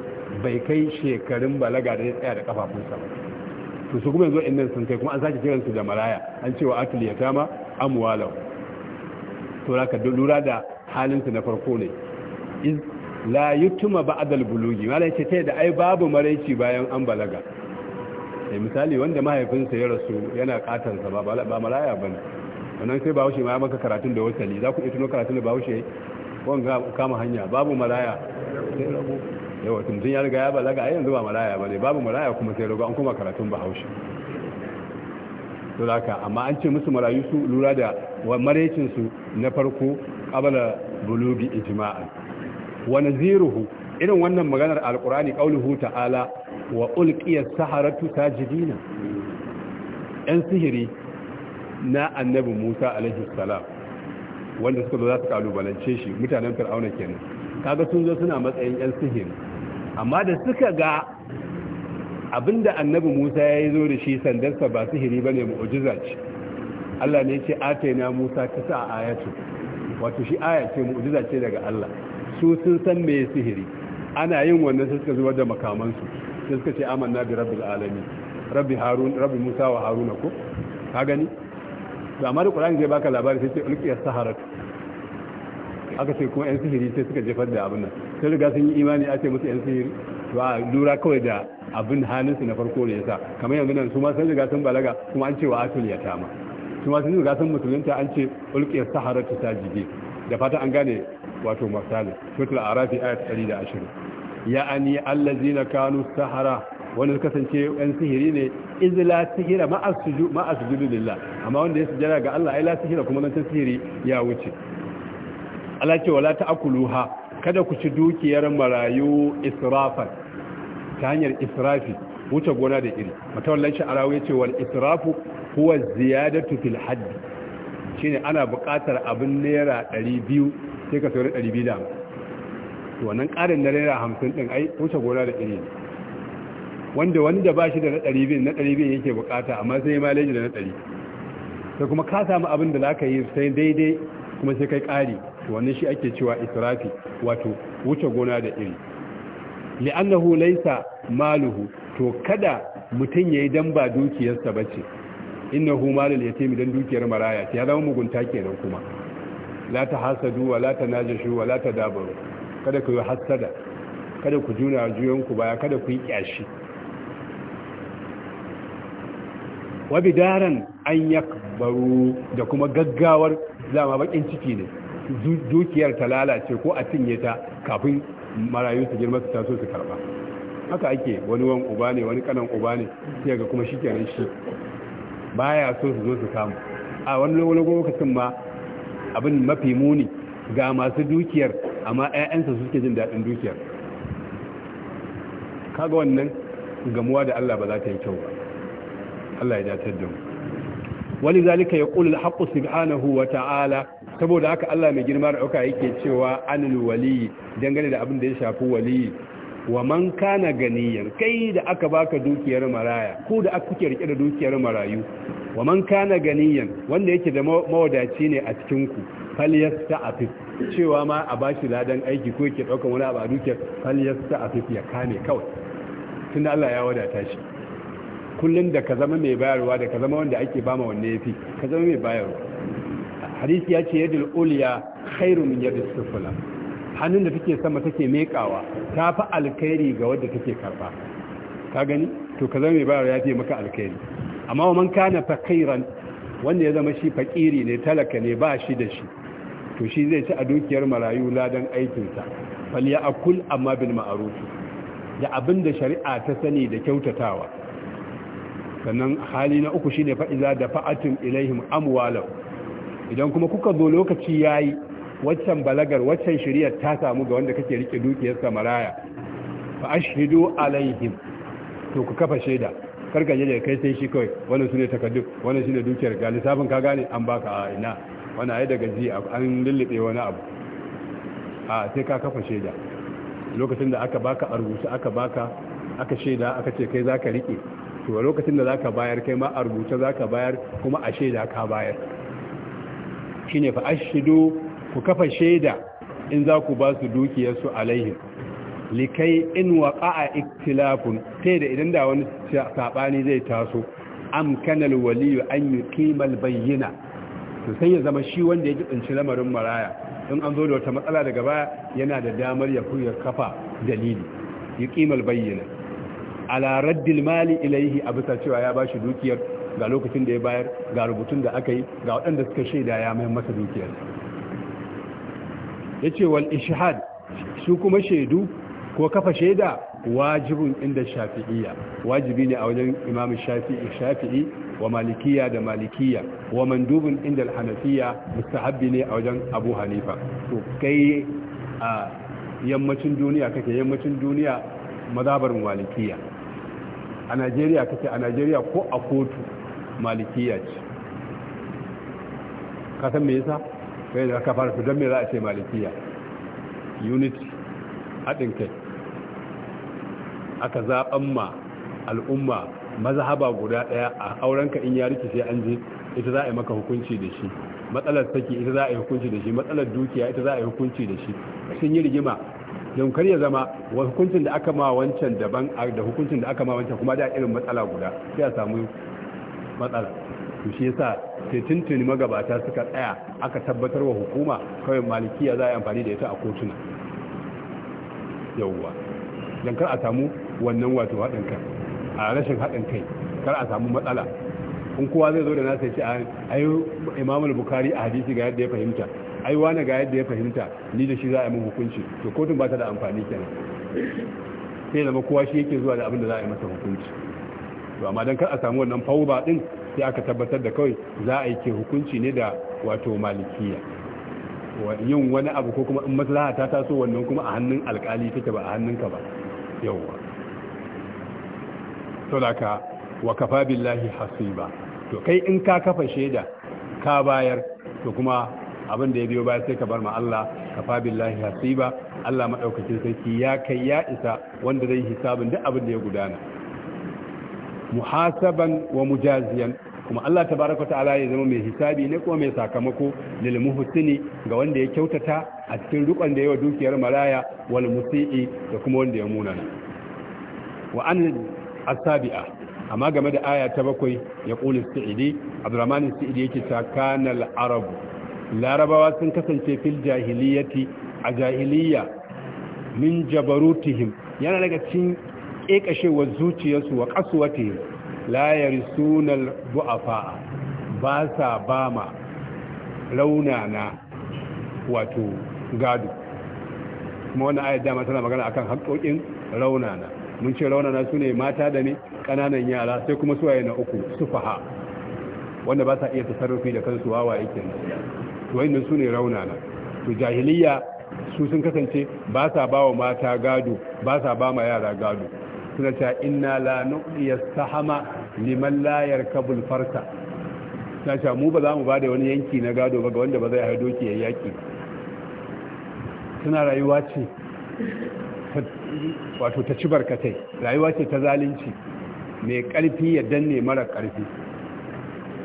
Speaker 1: bai kai shekarun balaga da ya tsaya da kafafunsa ba to su kuma yanzu innan sun kai kuma an sake kiran su da maraya an cewa atul tama amwalahu to raka lura da halin na farko ne la yutuma ba'dal bulugi mala ce ta da ai babu maraici bayan an balaga misali wanda mahaifinsa ya rasu yana katansa ba ba malaya ba wannan sai ba haushe ma maka karatun da wasali za ku iya tuno karatun da ba haushe wanga kama hanya babu malaya sai rago yawa tun ya riga ya balaga ai yanzu ba malaya ne babu malaya kuma sai rago an kuma karatun ba haushe to amma an ce musu marayu su lura da maraicin su na farko qabala bulugi ijma'an wani naziruhu irin wannan maganar alkurani qauluhu ta'ala wa ulqiya saharatu sajidina yan sihiri na annabi Musa alaihi salam wanda suka zo za su kalubalance shi mutanen fir'auna kenan kaga sun zo suna matsayin yan sihiri amma da suka ga abinda annabi Musa ya yi zo da shi sandarsa ba sihiri ne, mu'ujiza ce Allah ne ce ce na Musa kasa ayatu wato shi aya ce ce daga Allah su sun san me sihiri ana yin wannan sai suka zubar da makamansu sai suka ce amanna bi rabbil alamin rabbi harun rabbi musa wa haruna ko ka gani da amma da qur'ani zai baka labari sai ce ulqiya saharat aka ce kuma yan sihiri sai suka jefar da abin nan sai riga sun yi imani a ce musu yan sihiri ba lura kawai da abin halinsu na farko ne yasa kamar yanzu nan su ma sun riga sun balaga kuma an ce wa atul yatama su ma sun riga sun musulunta an ce ulqiyas saharatu sajidin da fata an gane wato masalin suratul arafi ayat 120 ya'ani allazina kanu sahara wanda kasance yan sihiri ne izla sihira ma'a sujudu lillah amma wanda ya sujada ga Allah ai la sihira kuma nan sihiri ya wuce Allah ce wala ta'kuluha kada ku ci dukiyar marayu israfan ta hanyar israfi wuce gona da iri matawallan sha'arawi yace wal israfu huwa ziyadatu fil hadd shine ana buƙatar abin naira 200 sai ka sauri 250 to wannan ƙarin na naira hamsin ɗin ai wuce gona da iri wanda wanda ba shi da na ɗari biyu na ɗari biyu yake bukata amma sai maleji da na ɗari sai kuma ka samu abin da za yi sai daidai kuma sai kai ƙari to wannan shi ake cewa israfi wato wuce gona da iri li'annahu laysa maluhu to kada mutum yayi dan ba dukiyarsa bace innahu malul yatim dan dukiyar maraya ya zama mugunta kenan kuma la tahasadu wa la tanajashu wa la dabaru. kada ku yi hassada kada ku juna juyanku baya kada ku yi kyashi wabidaran an yakbaru da kuma gaggawar zama bakin ciki ne dukiyar ta lalace ko a cinye ta kafin marayu su girma su taso su karba haka ake wani wani uba ne wani kanan uba ne sai ga kuma shikenan shi baya so su zo su samu a wani lokacin ma abin mafi muni ga masu dukiyar amma 'ya'yansa suke jin daɗin dukiyar kaga wannan gamuwa da Allah ba za ta yi kyau ba Allah ya datar da mu wani zalika ya ƙulul haƙƙu subhanahu wa ta'ala saboda haka Allah mai girma da ɗauka yake cewa anil waliyi dangane da abin da ya shafi waliyi wa man kana ganiyan kai da aka baka dukiyar maraya ko da aka kike rike da dukiyar marayu wa man kana ganiyan wanda yake da mawadaci ne a cikin ku falyasta'afif cewa ma a bashi ladan aiki ko yake daukan wani abu a dukiyar fal yasta afif ya kame kawai tunda Allah ya wadata shi kullun da ka zama mai bayarwa da ka zama wanda ake bama wanne yafi ka zama mai bayarwa hadisi ya ce yadul ulya khairu min yadis sufla hannun da take sama take mekawa ta fi alkhairi ga wadda take karba ka gani to ka zama mai bayarwa ya fi maka alkhairi amma wa man kana fakiran wanda ya zama shi fakiri ne talaka ne ba shi da shi to shi zai ci a dukiyar marayu ladan aikinsa fal ya akul amma bil ma'ruf da abin da shari'a ta sani da kyautatawa sannan hali na uku shine fa iza da fa'atun ilaihim amwalau idan kuma kuka zo lokaci yayi waccan balagar waccan shari'ar ta samu ga wanda kake rike sa maraya fa ashhidu alaihim to ku kafa shaida karka je da kai sai shi kai wannan sune takaddu wannan shine dukiyar ga lissafin ka gane an baka a ina wani ayi daga ji an lullube wani abu a sai ka kafa shaida lokacin da aka baka a rubuce aka baka aka shaida aka ce kai zaka rike to lokacin da zaka bayar kai ma a rubuce zaka bayar kuma a shaida ka bayar shine fa shido ku kafa shaida in za ku ba su su alaihi likai in waqa'a iktilafun sai da idan da wani sabani zai taso amkanal waliyu an yuqimal bayyana. to sai ya zama shi wanda ya tsinci lamarin maraya in an zo da wata matsala daga baya yana da damar ya kuya kafa dalili ya kimal bayyana ala raddil mali ilaihi a bisa cewa ya bashi dukiyar ga lokacin da ya bayar ga rubutun da aka yi ga waɗanda suka shaida ya mai masa dukiyar yace wal ishhad su kuma shaidu ko kafa shaida wajibin inda shafi'iyya wajibi ne a wajen imamu shafi'i wa malikiya da malikiya wa mandubin inda hanafiya mustahabbi ne a wajen abu hanifa to kai a yammacin duniya kake yammacin duniya mazabar malikiya a najeriya kake a najeriya ko a kotu malikiya ce ka san me yasa kai da ka fara don me za ce malikiya unity haɗin kai aka zaɓan ma al'umma mazhaba guda daya a aurenka in ya rike sai an je ita za a yi maka hukunci da shi matsalar saki ita za a yi hukunci da shi matsalar dukiya ita za a yi hukunci da shi sun yi rigima don kar ya zama wa hukuncin da aka ma wancan daban da hukuncin da aka ma wancan kuma da irin matsala guda sai a samu matsala to shi yasa sai tuntuni magabata suka tsaya aka tabbatar wa hukuma kawai malikiya za a yi amfani da ita a kotuna yauwa don kar a samu wannan wato haɗin kai a rashin haɗin kai kar a samu matsala in kowa zai zo da nasa ya ce yi imamul bukari a hadisi ga yadda ya fahimta ai wani ga yadda ya fahimta ni da shi za a yi hukunci to kotun ba ta da amfani kenan sai zama kowa shi yake zuwa da abin da za a yi masa hukunci to amma dan kar a samu wannan fauba din sai aka tabbatar da kawai za a yi ke hukunci ne da wato malikiya yin wani abu ko kuma in maslaha ta taso wannan kuma a hannun alkali take ba a hannunka ba yawwa saboda wa kafa billahi hasiba to kai in ka kafa shaida ka bayar to kuma abin da ya biyo baya sai ka bar ma Allah kafa billahi hasiba Allah madaukakin sarki ya kai ya isa wanda zai hisabin duk abin da ya gudana muhasaban wa mujaziyan kuma Allah tabaraka ta'ala ya zama mai hisabi ne kuma mai sakamako lil muhsini ga wanda ya kyautata a cikin rukun da yawa dukiyar maraya wal musii da kuma wanda ya munana wa an asabi'a amma game da aya ta bakwai ya ƙuli sa'idi abdurrahman sa'idi yake tsakanin Arabu larabawa sun kasance fil jahiliyati a jahiliya min jabarutihim yana daga cin kekashewar zuciyarsu wa kasuwatihim la yarsunal bu'afa ba sa bama raunana wato gado kuma wannan ayat dama tana magana akan haƙoƙin raunana mun ce raunana su ne mata da ne ƙananan yara sai kuma suwaye na uku su faha wanda ba sa iya tasarrufi da kansu wawa yake to wayannan su ne raunana to jahiliya su sun kasance ba sa ba wa mata gado ba sa ba ma yara gado suna cewa inna la nuqiya sahama liman la yarkabul farka suna cewa mu ba za mu ba da wani yanki na gado ba ga wanda ba zai haido ki ya yaki suna rayuwa ce wato ta ci barkatai rayuwa ce ta zalunci mai ƙarfi ya danne mara ƙarfi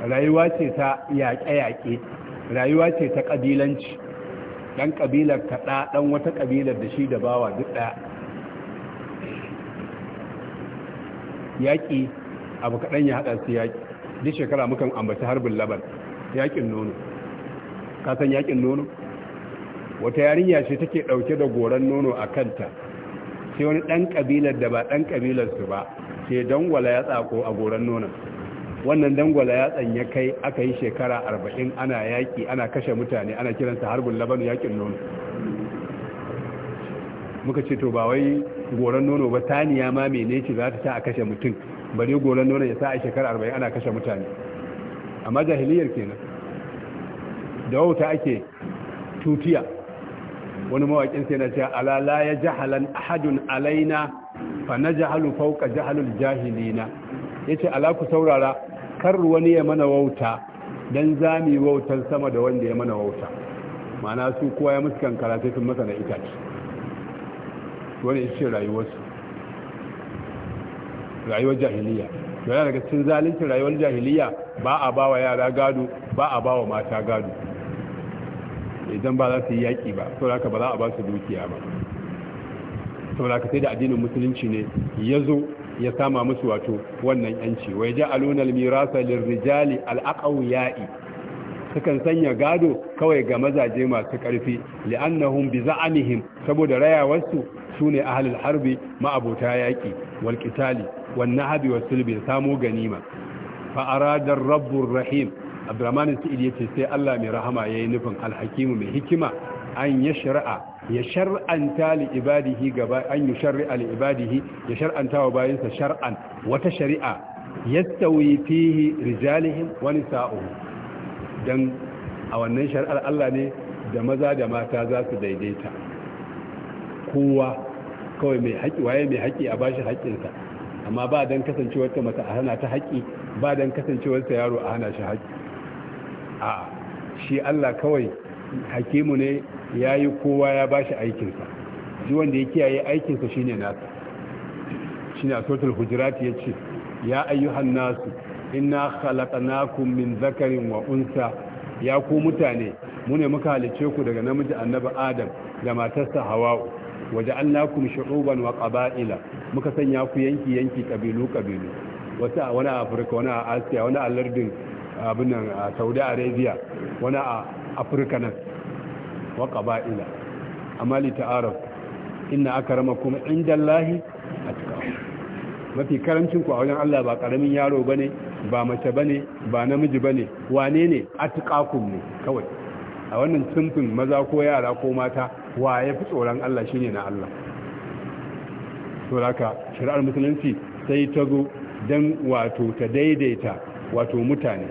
Speaker 1: rayuwa ce ta yaƙe-yaƙe rayuwa ce ta ƙabilanci ɗan ƙabilar kaɗa ɗan wata ƙabilar da shi da bawa duk ɗaya yaƙi abu kaɗan ya haɗa su yaƙi duk shekara mukan ambaci harbin labar yaƙin nono kasan yaƙin nono wata yarinya ce take ɗauke da goron nono a kanta sai wani ɗan ƙabilar da ba ɗan ƙabilarsu ba ke dangwala ya tsako a goron nonon wannan dangwala ya tsanya kai aka yi shekara arba'in ana yaƙi ana kashe mutane ana kiransa harbin labanu yaƙin nono muka ce to ba wai goron nono ba taniya ma mene ce za ta ta a kashe mutum bari goron nono ya sa a shekara arba'in ana kashe mutane amma jahiliyar kenan da wauta ake tutiya wani mawaƙin sai na ce ala la ya jahalan ahadun alaina fa na jahalu fauka jahalul jahilina ya ce ala ku saurara kar wani ya mana wauta don zami wautan sama da wanda ya mana wauta mana su kuwa ya muskan kankara sai sun masa na itace wani ya ce rayuwarsu rayuwar jahiliya yana daga cin zalincin rayuwar jahiliya ba a ba wa yara gado ba a ba wa mata gado idan ba za su yi yaƙi ba sauraka ba za a ba su dukiya ba sauraka sai da addinin musulunci ne ya zo ya sama musu wato wannan yanci wai ja alunar mirasa lirrijali al'aƙau ya'i sukan sanya gado kawai ga mazaje masu ƙarfi li'annahum bi za'anihim saboda rayawarsu sune ahlul harbi ma'abota yaƙi wal qitali wan nahbi was sulbi samu ganima fa arada ar-rabbur rahim abdurrahman sa'id yace sai Allah mai rahama yayi nufin alhakimu mai hikima an ya shari'a ya shar'anta li ibadihi gaba an yusharri'a li ibadihi ya shar'anta wa bayinsa shar'an wata shari'a yastawi fihi rijalihim wa nisa'uhum dan a wannan shari'ar Allah ne da maza da mata za su daidaita kowa kawai mai haƙi waye mai haƙi a bashi haƙinsa amma ba dan kasancewar ta mata a hana ta haƙi ba dan kasancewar ta yaro a hana shi haƙi a shi Allah kawai hakimu ne ya yi kowa ya ba shi aikinsa shi wanda ya kiyaye aikinsa shine nasa shine a sautul hujurat ya ce ya ayyuhan nasu ina khalaqnakum min zakarin wa unsa ya ku mutane mu ne muka halice ku daga namiji annabi adam da matarsa hawa'u waje annakum shu'uban wa ƙaba'ila muka sanya ku yanki yanki ƙabilu-ƙabilu wata wani a afirka wani a asiya wani a lardin abin nan a saudi arabia wani a afirka nan wa ƙaba'ila amma arab inna aka rama kuma inda lahi a mafi karancin ku a wajen Allah ba karamin yaro ba ne ba mace ba ne ba namiji ba ne wane ne a ne kawai a wannan simfin maza ko yara ko mata wa ya fi tsoron Allah shi ne na Allah sauraka shari'ar musulunci sai ta zo don wato ta daidaita wato mutane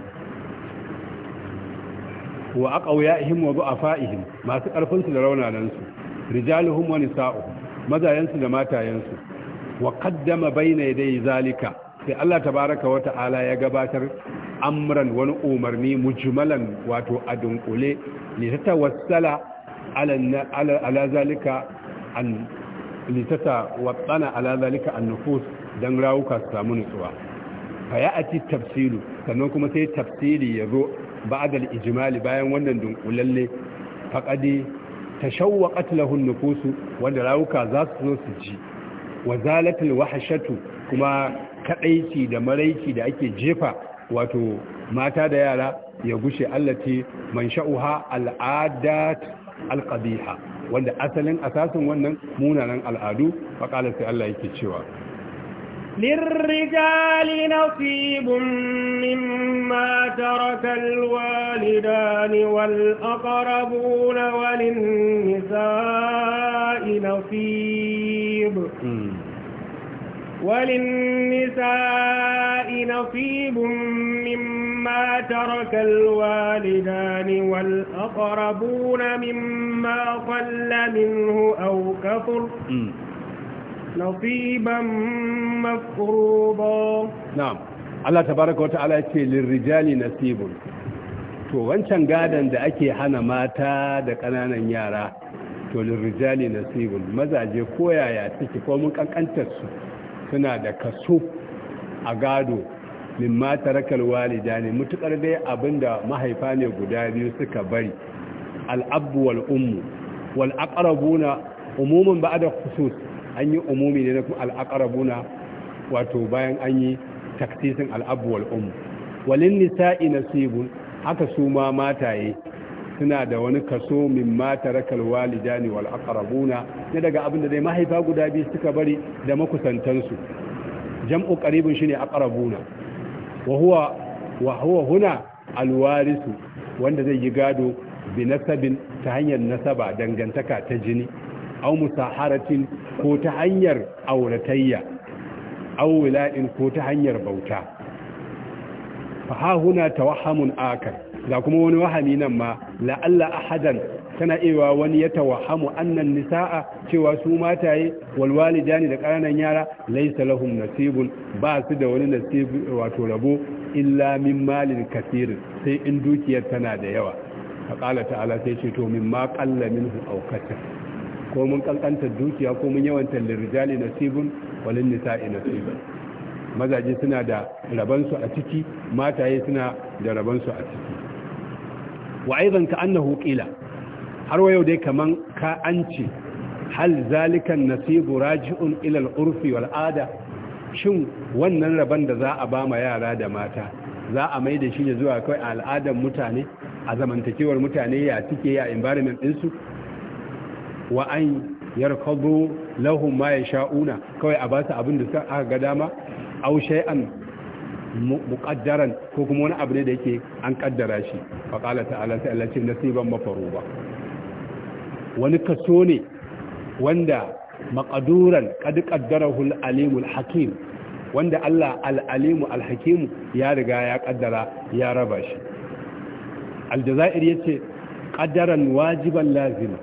Speaker 1: wa aqawiyahum wa du'afaihim masu ƙarfinsu da raunanansu rijaluhum wa nisa'uhum mazayan da matayen wa qaddama bayna yaday zalika sai Allah tabaaraka wa ta'ala ya gabatar amran wani umarni mujmalan wato a dunkule ne ta tawassala ala zalika an litata watsana ala zalika an nufus don rawuka su samu nutsuwa fa ya ati tafsiru sannan kuma sai tafsiri ya zo ba'dal ijmali bayan wannan dunkulalle faqadi tashawwaqat lahu nufusu wanda rawuka za su zo su ji wa zalatul wahshatu kuma kadaici da maraici da ake jefa wato mata da yara ya gushe allati man sha'uha al alqabiha wanda asalin asasin wannan munanan al'adu faqala sai Allah yake cewa
Speaker 2: للرجال نصيب مما ترك الوالدان والأقربون وللنساء نصيب وللنساء نصيب مما ترك الوالدان والأقربون مما قل منه أو كفر نصيبا مفروضا
Speaker 1: نعم Allah tabaraka wa ta'ala ce lirrijali nasibun to wancan gadan da ake hana mata da ƙananan yara to lirrijali nasibun mazaje koyaya suke ko mun kankantar su suna da kaso a gado min mata rakal walida ne mutukar dai abinda mahaifa ne guda biyu suka bari al'abbu wal ummu wal aqrabuna umuman ba'da khusus an yi umumi ne na kuma al'aƙarabuna wato bayan an yi taksisin al'abu umu. walin nisa'i nasibun haka su ma mataye suna da wani kaso min mata rakal walidani wal aqrabuna ne daga abin da dai mahaifa guda biyu suka bari da makusantansu jam'u ƙaribin shi ne aƙarabuna wa huwa huna wanda zai yi gado bi ta hanyar nasaba dangantaka ta jini aw musaharatin ko ta hanyar auratayya aw wiladin ko ta hanyar bauta fa ha huna tawahhamun akar da kuma wani wahami nan ma la'alla ahadan tana iya wani ya tawahhamu annan nisa'a cewa su mataye walidani da ƙananan yara laysa lahum nasibun ba su da wani nasibi wato rabo illa min malin kasirin sai in dukiyar tana da yawa fa qala ta'ala sai ce to min ma minhu min aukata ko mun kankanta dukiya ko mun yawan tallar rijali sibin walin ina sibin mazaje suna da rabansu a ciki mataye suna da rabansu a ciki wa aidan ka annahu qila har wayo dai kaman ka an hal zalikan nasibu raji'un ila al-urfi wal ada shin wannan rabon da za a bama yara da mata za a mai da shi ne zuwa kai al'adar mutane a zamantakewar mutane ya cike ya environment ɗinsu wa an yarkadu lahum ma yasha'una kawai a ba su abin da aka ga dama aw shay'an muqaddaran ko kuma wani abu ne da yake an kaddara shi fa qala ta'ala sai Allah ce nasiban mafruba wani kaso ne wanda maqduran qad qaddarahu al-alimul hakim wanda Allah al-alimu al-hakim ya riga ya kaddara ya raba shi al-jazair yace qaddaran wajiban lazima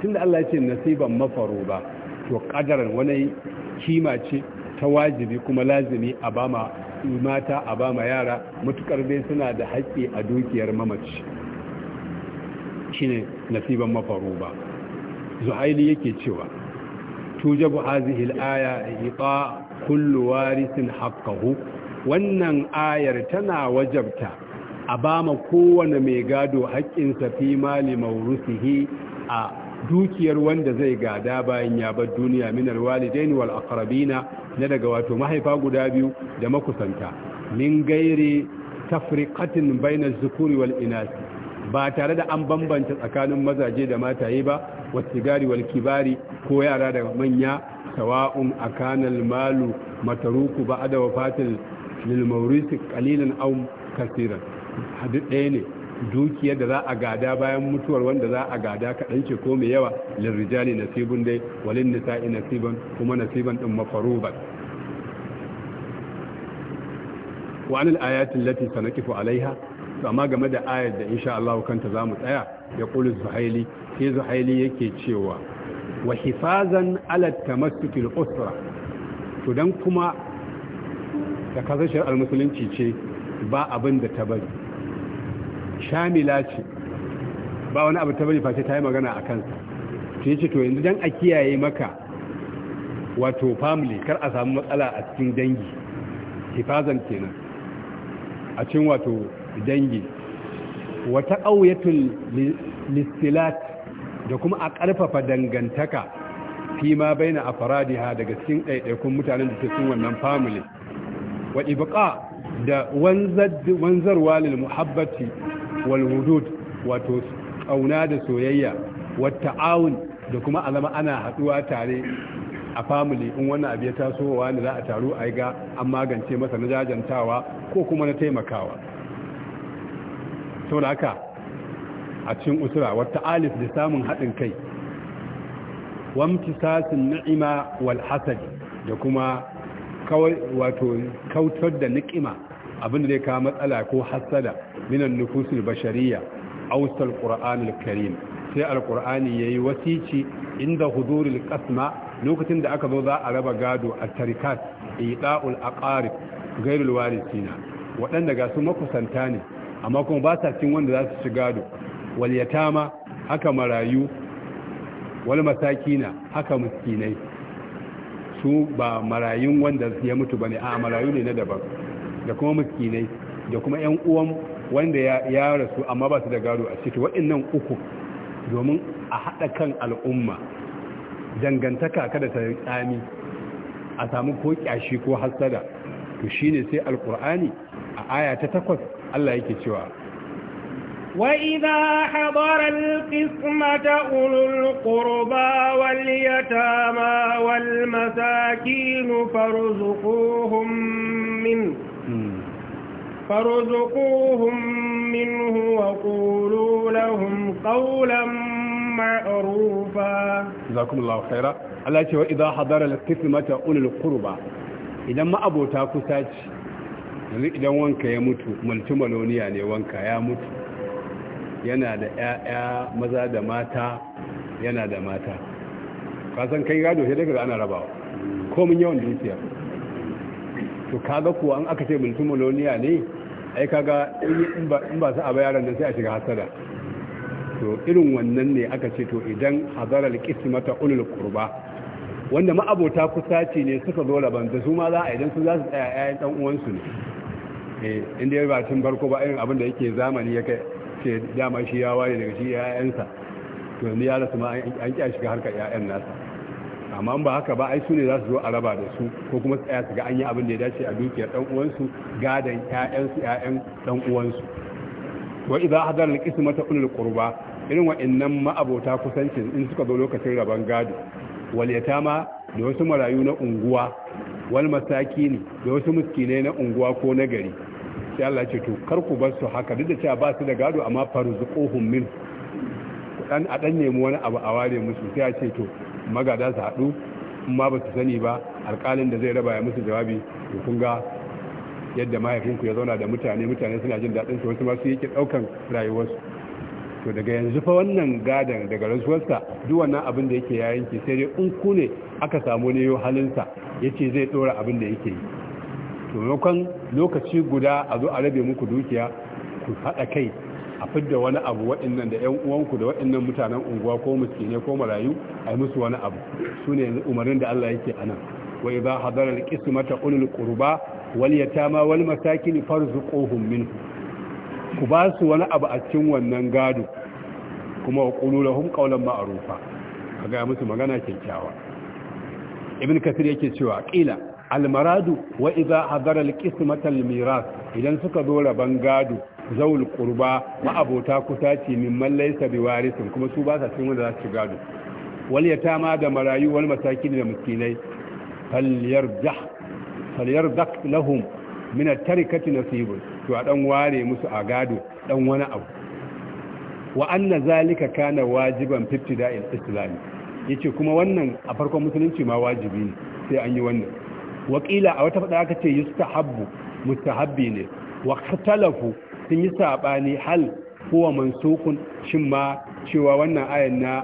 Speaker 1: tunda Allah ya ce nasiban mafaro ba to ƙadar wani kima ce ta wajibi kuma lazimi a bama mata a bama yara matukar dai suna da haƙƙi a dukiyar mamaci shine nasiban mafaro ba zuhaili yake cewa tujabu hazihi al-aya iqa kullu warisin haqqahu wannan ayar tana wajabta a ba ma kowane mai gado haƙƙinsa fi mali maurusihi a dukiyar wanda zai gada bayan ya bar duniya min alwalidaini wal aqrabina na daga wato mahaifa guda biyu da makusanta min gairi tafriqatin baina zukuri wal inas ba tare da an bambanta tsakanin mazaje da mataye ba wasigari wal kibari ko yara da manya sawa'un akanal malu mataruku ba'da wafatil lil mawrisi qalilan aw kaseeran hadith ɗaya ne dukiyar da za a gada bayan mutuwar wanda za a gada kaɗan ce ko mai yawa lirrijali nasibin dai walin nisa'i nasiban kuma nasiban ɗin mafaruban wa anil ayatin lati sanakifu alaiha amma game da ayar da insha Allah kanta za mu tsaya ya kulu zuhaili sai zuhaili yake cewa wa hifazan ala tamassukil usra to dan kuma da kasashen almusulunci ce ba abin da ta bari shamila ce ba wani abu ta bari face ta yi magana a kansa ta ce to yanzu don a kiyaye maka wato family kar a samu matsala a cikin dangi hifazan kenan a cikin wato dangi wata ƙauyatun listilat da kuma a ƙarfafa dangantaka fi ma bai na afaradiha daga cikin ɗaiɗaikun mutanen da ke sun wannan family wa ibqa da wanzarwa lil muhabbati walhudud wato ƙauna da soyayya wata awun da kuma a zama ana haɗuwa tare a family in wannan abu ya tasowa da za a taru a ga an magance masa na jajantawa ko kuma na taimakawa saboda haka a cikin usura wata alif da samun haɗin kai wamtisasin ni'ima wal hasad da kuma kawai wato kautar da ni'ima Abin da zai kawo matsala ko hasada minan nufusul bashariya ausal qur'anul karim sai alqur'ani yayi wasici inda hudurul kasma lokacin da aka zo za a raba gado a tarikat ida'ul aqarib gairul warisina waɗanda ga su makusanta ne amma kuma ba sa cin wanda za su ci gado wal yatama haka marayu wal masakina haka miskinai su ba marayun wanda ya mutu bane a marayu ne na daban da kuma miskinai da kuma yan uwan wanda ya rasu amma ba su da gado a ciki waɗannan uku domin a haɗa kan al'umma dangantaka kada ta tsami a samu ko kyashi ko hasada to shine sai alƙur'ani a aya ta takwas Allah yake cewa
Speaker 2: وَإِذَا حَضَرَ الْقِسْمَةَ أُولُو الْقُرْبَى وَالْيَتَامَى وَالْمَسَاكِينُ فارزقوهم منه فارزقوهم منه وقولوا لهم قولا معروفا
Speaker 1: جزاكم الله خيرا الله cewa إذا حضر latif ما تقول القربة إذا ما أبو تاكو ساج إذا وانك يموت mutu multimaloniya يعني وانك يموت yana da ƴaƴa maza da mata yana da mata ka san kai gado sai daga ana rabawa komin yawan dukiya to kaga kuwa an aka ce mulkin maloniya ne ai kaga in ba su aba yaran da sai a shiga hasada to irin wannan ne aka ce to idan hazarar kismata ulul kurba wanda ma'abota ce ne suka zo laban da su ma za a idan su za su tsaya yayin dan uwansu ne eh inda ya ba tun barko ba irin abin da yake zamani ya kai ce dama shi ya waye daga shi yayansa to ni ya rasu ma an kiya shiga harkar yayan nasa amma ba haka ba ai su ne za su zo a raba da su ko kuma su tsaya su ga an yi abin da ya dace a dukiyar dan uwansu gadan 'ya'yansu ƴaƴan dan uwansu wa idza hadara alqismata ulul qurba irin wa'annan ma'abota kusancin in suka zo lokacin raban gado wal yatama da wasu marayu na unguwa wal masakin da wasu miskine na unguwa ko na gari sai Allah ce to kar ku bar su haka duk da cewa ba su da gado amma farzuquhum min dan a dan nemi wani abu a ware musu sai ya ce to magada su haɗu ma ba su sani ba alƙalin da zai raba ya musu jawabi to kun ga yadda mahaifinku ya zauna da mutane mutane suna jin daɗin su wasu masu yake ɗaukan rayuwarsu to daga yanzu fa wannan gadan daga rasuwarsa duk wannan abin da yake yayin ki sai dai in ku ne aka samu ne yau halinsa ce zai ɗora abin da yake yi to maimakon lokaci guda a zo a rabe muku dukiya ku haɗa kai a fidda wani abu waɗannan da yan uwanku da waɗannan mutanen unguwa ko miskine ko marayu a yi musu wani abu su ne umarnin da Allah yake a nan wa idza hadara alqismata ulul qurba wal yatama wal masakin farzuquhum minhu ku ba su wani abu a cikin wannan gado kuma wa qulu lahum qawlan ma'rufa kaga musu magana kyakkyawa ibn kasir yake cewa qila almaradu wa idza hadara alqismata almiras idan suka zo raban gado zaul kurba ma'abota ce min man laysa biwarisin kuma su ba sa cikin wanda za su gado wal ma da marayu wal masakin da miskinai falyarjah falyardak lahum min at-tarikati nasibun to a dan ware musu a gado dan wani abu wa anna zalika kana wajiban fi ibtida'il islam yace kuma wannan a farkon musulunci ma wajibi ne sai an yi wannan wakila a wata fada aka ce yustahabbu mustahabbi ne wa khatalafu sun yi saɓani hal kowa mansukun shin ma cewa wannan ayan na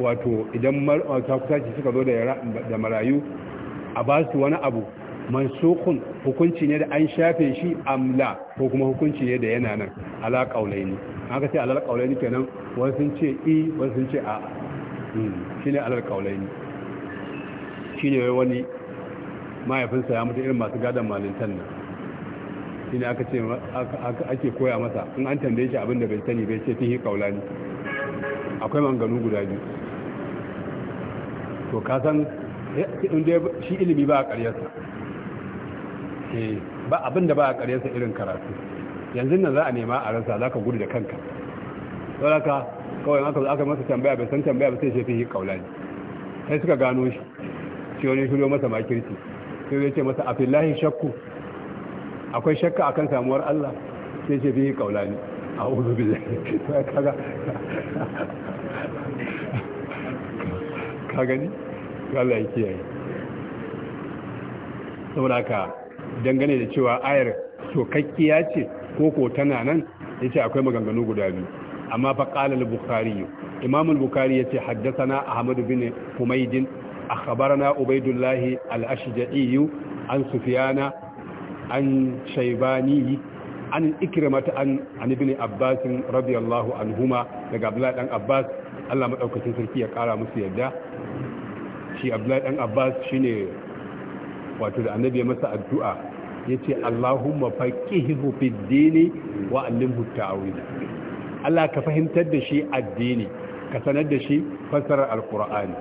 Speaker 1: wato idan ta shi suka zo da marayu a ba su wani abu mansukun hukunci ne da an shafe shi amla ko kuma hukunci ne da yana nan ala kaulaini haka sai ne ke kenan wasu sun ce i wasu sun ce a hmm, shi ne shine ne Shi ne wani mahaifinsa ya mutu irin masu gadon malintan nan ne aka ce ake koya masa in an tambaye shi abinda bai sani bai ce fihi kaulani akwai manganu guda biyu to ka san eh, shi ilimi ba a ƙaryarsa eh, ba abinda ba a karyarsa irin karatu yanzu nan za a nema a rasa za ka gudu da kanka sauraka kawai aka aka masa tambaya bai san tambaya ba sai shi fihi kaulani sai suka gano shi shi wani shiryo masa makirci sai ya ce masa afillahi shakku akwai shakka akan samuwar Allah sai ce bihi kaulani a'udhu billahi kaga ka gani Allah ya kiyaye saboda haka dangane da cewa ayar sokakkiya ce ko ko tana nan yace akwai maganganu guda biyu amma fa qala al-bukhari imam al-bukhari yace haddathana ahmad bin humayd akhbarana ubaidullahi al-ashja'i an sufyana an shaibani an ikrimata an an ibn abbas radiyallahu anhuma daga abdullahi dan abbas Allah madaukakin sarki ya kara musu yadda shi abdullahi dan abbas ne wato da annabi ya masa addu'a yace Allahumma faqihu fid dini wa a wuri. Allah ka fahimtar da shi addini ka sanar da shi fassarar alkur'ani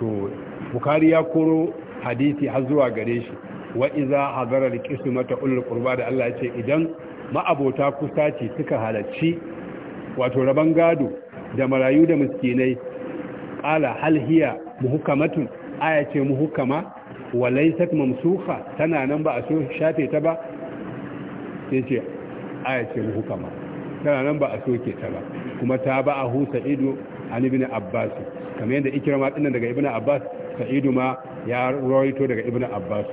Speaker 1: to bukari ya koro hadisi har zuwa gare shi wa iza hadara alqismata ulul qurba da Allah ce idan ma'abota kusa ce suka halarci wato raban gado da marayu da miskinai qala hal hiya muhkamatun aya ce muhkama walaysat mamsuha tana nan ba a so shafe ta ba yace aya ce muhkama tana nan ba a so ke ta ba kuma ta ba a husa ido an ibn abbas kamar yadda ikrama dinnan daga ibn abbas sa'idu ma ya rawaito daga ibn abbas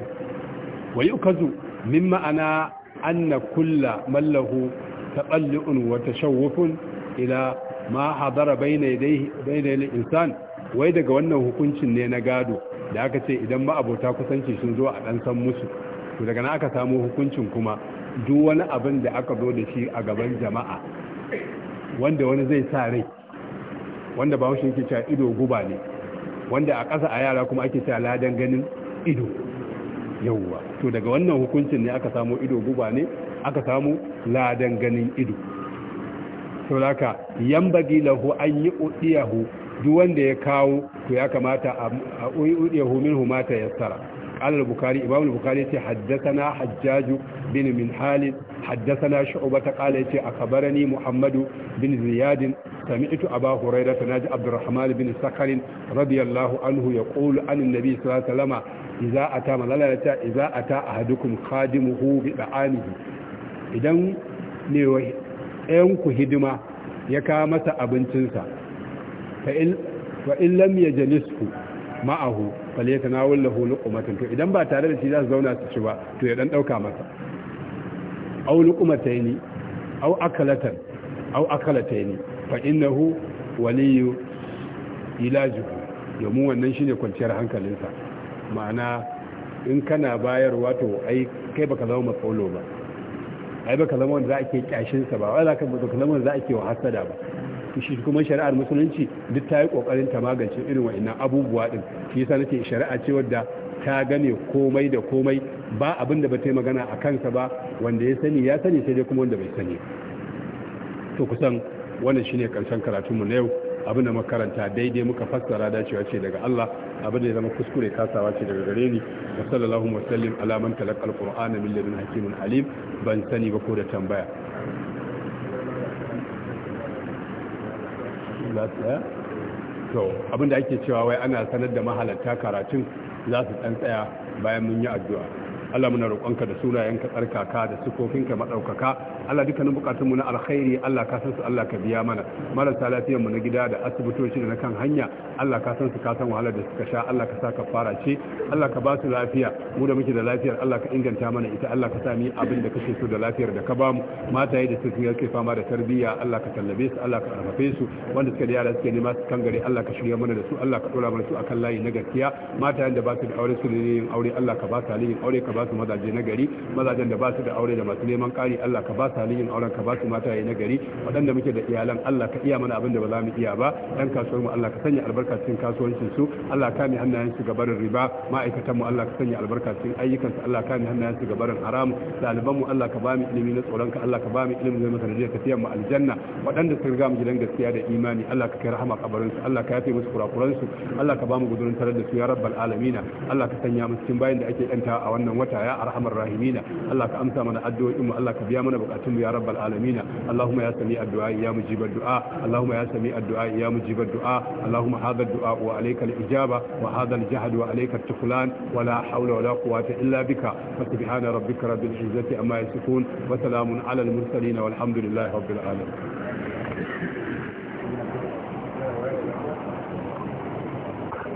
Speaker 1: wa yukazu min ma'ana anna kulla mallahu taɓalli'un wa tashawufun ila ma hadara bayna yadayhi insan wai daga wannan hukuncin ne na gado da aka ce idan ma'abota kusanci sun zo a dan san musu to daga nan aka samu hukuncin kuma duk wani abin da aka zo da shi a gaban jama'a wanda wani zai sa rai wanda ba shi yake cewa ido guba ne wanda a ƙasa a yara kuma ake cewa ladan ganin ido yawwa to daga wannan hukuncin ne aka samu ido guba ne aka samu ladan ganin ido to laka yambagi lahu an yi udiyahu duk wanda ya kawo to ya kamata a udiyahu minhu mata yassara قال البخاري إمام البخاري حدثنا حجاج بن من حال حدثنا شعبة قال أخبرني محمد بن زياد سمعت أبا هريرة ناجي عبد الرحمن بن سكر رضي الله عنه يقول عن النبي صلى الله عليه وسلم إذا أتى ملالة إذا أتى أحدكم خادمه بطعامه إذن ne ɗayanku hidima ya kawo masa abincinsa fa in lam ya janisku ma'ahu fale ta nawul lahu luqmatan to idan ba tare da shi za su zauna su ci ba to ya dan dauka masa aw luqmataini aw akalatan aw akalataini fa innahu waliyu ilajuhu domin wannan shi ne kwanciyar hankalinsa ma'ana in kana bayarwa to ai kai baka zama matsolo ba ai baka zama wanda za a ke kyashinsa ba wai za ka zama wanda za a ke wa hasada ba shi kuma shari'ar musulunci duk ta yi kokarin ta magance irin wa'annan abubuwa din shi yasa nake shari'a ce wadda ta gane komai da komai ba abin da ba ta yi magana a kansa ba wanda ya sani ya sani sai dai kuma wanda bai sani to kusan wannan shine karshen karatun mu na yau abin da makaranta daidai muka fassara dacewa ce daga Allah abin da ya zama kuskure kasawa ce daga gare ni wa sallallahu wa sallim ala man talaqa alqur'ana min ladun hakimin alim ban sani ba ko da tambaya babu za to abinda ake cewa wai ana sanar da mahalarta karatun za su ɗan bayan mun yi addu'a Allah muna roƙonka da sunayenka tsarkaka da sifofinka madaukaka Allah dukkanin bukatun mu na alkhairi Allah ka san su Allah ka biya mana marasa lafiyar mu na gida da asibitoci da na kan hanya Allah ka san su ka san wahalar da suka sha Allah ka sa ka fara ce Allah ka ba su lafiya mu da muke da lafiyar Allah ka inganta mana ita Allah ka sami abin da kake so da lafiyar da ka bamu mataye da suke yake fama da tarbiyya Allah ka tallabe su Allah ka karfafe su wanda suka da yara suke nema su kan gare Allah ka shirya mana da su Allah ka dora mana su akan layi na gaskiya matayen da ba su da aure su ne yin aure Allah ka ba su halin aure ka ba ba su mazaje na gari mazajen da ba su da aure da masu neman ƙari Allah ka ba su halin auren ka ba su mata mataye na gari waɗanda muke da iyalan Allah ka iya mana abin da ba za mu iya ba ɗan kasuwar mu Allah ka sanya albarka cikin kasuwancin su Allah ka mi hannayen su ga barin riba ma'aikatan mu Allah ka sanya albarka cikin ayyukan su Allah ka mi hannayen su ga barin haram ɗaliban mu Allah ka ba mu ilimi na tsoron ka Allah ka ba mu ilimin zai masa da tafiyar mu aljanna waɗanda suka riga mu gidan gaskiya da imani Allah ka kai rahama kabarin su Allah ka yafe musu kurakuran su Allah ka ba mu gudurin tare da su ya rabbal alamina Allah ka sanya mu cikin bayin da ake yantawa a wannan wata rahmatika ya arhamar rahimina Allah ka amsa mana addu'o'in mu Allah ka biya mana bukatun mu ya rabbal alamin Allahumma ya sami addu'a ya mujibad du'a Allahumma ya sami addu'a ya mujibad du'a Allahumma hadha ad-du'a wa alayka al-ijaba wa hadha al-jahd wa alayka at-tuqlan wa la hawla wa la quwwata illa bika subhana rabbika rabbil izzati amma yasifun wa salamun ala al-mursalin والحمد rabbil alamin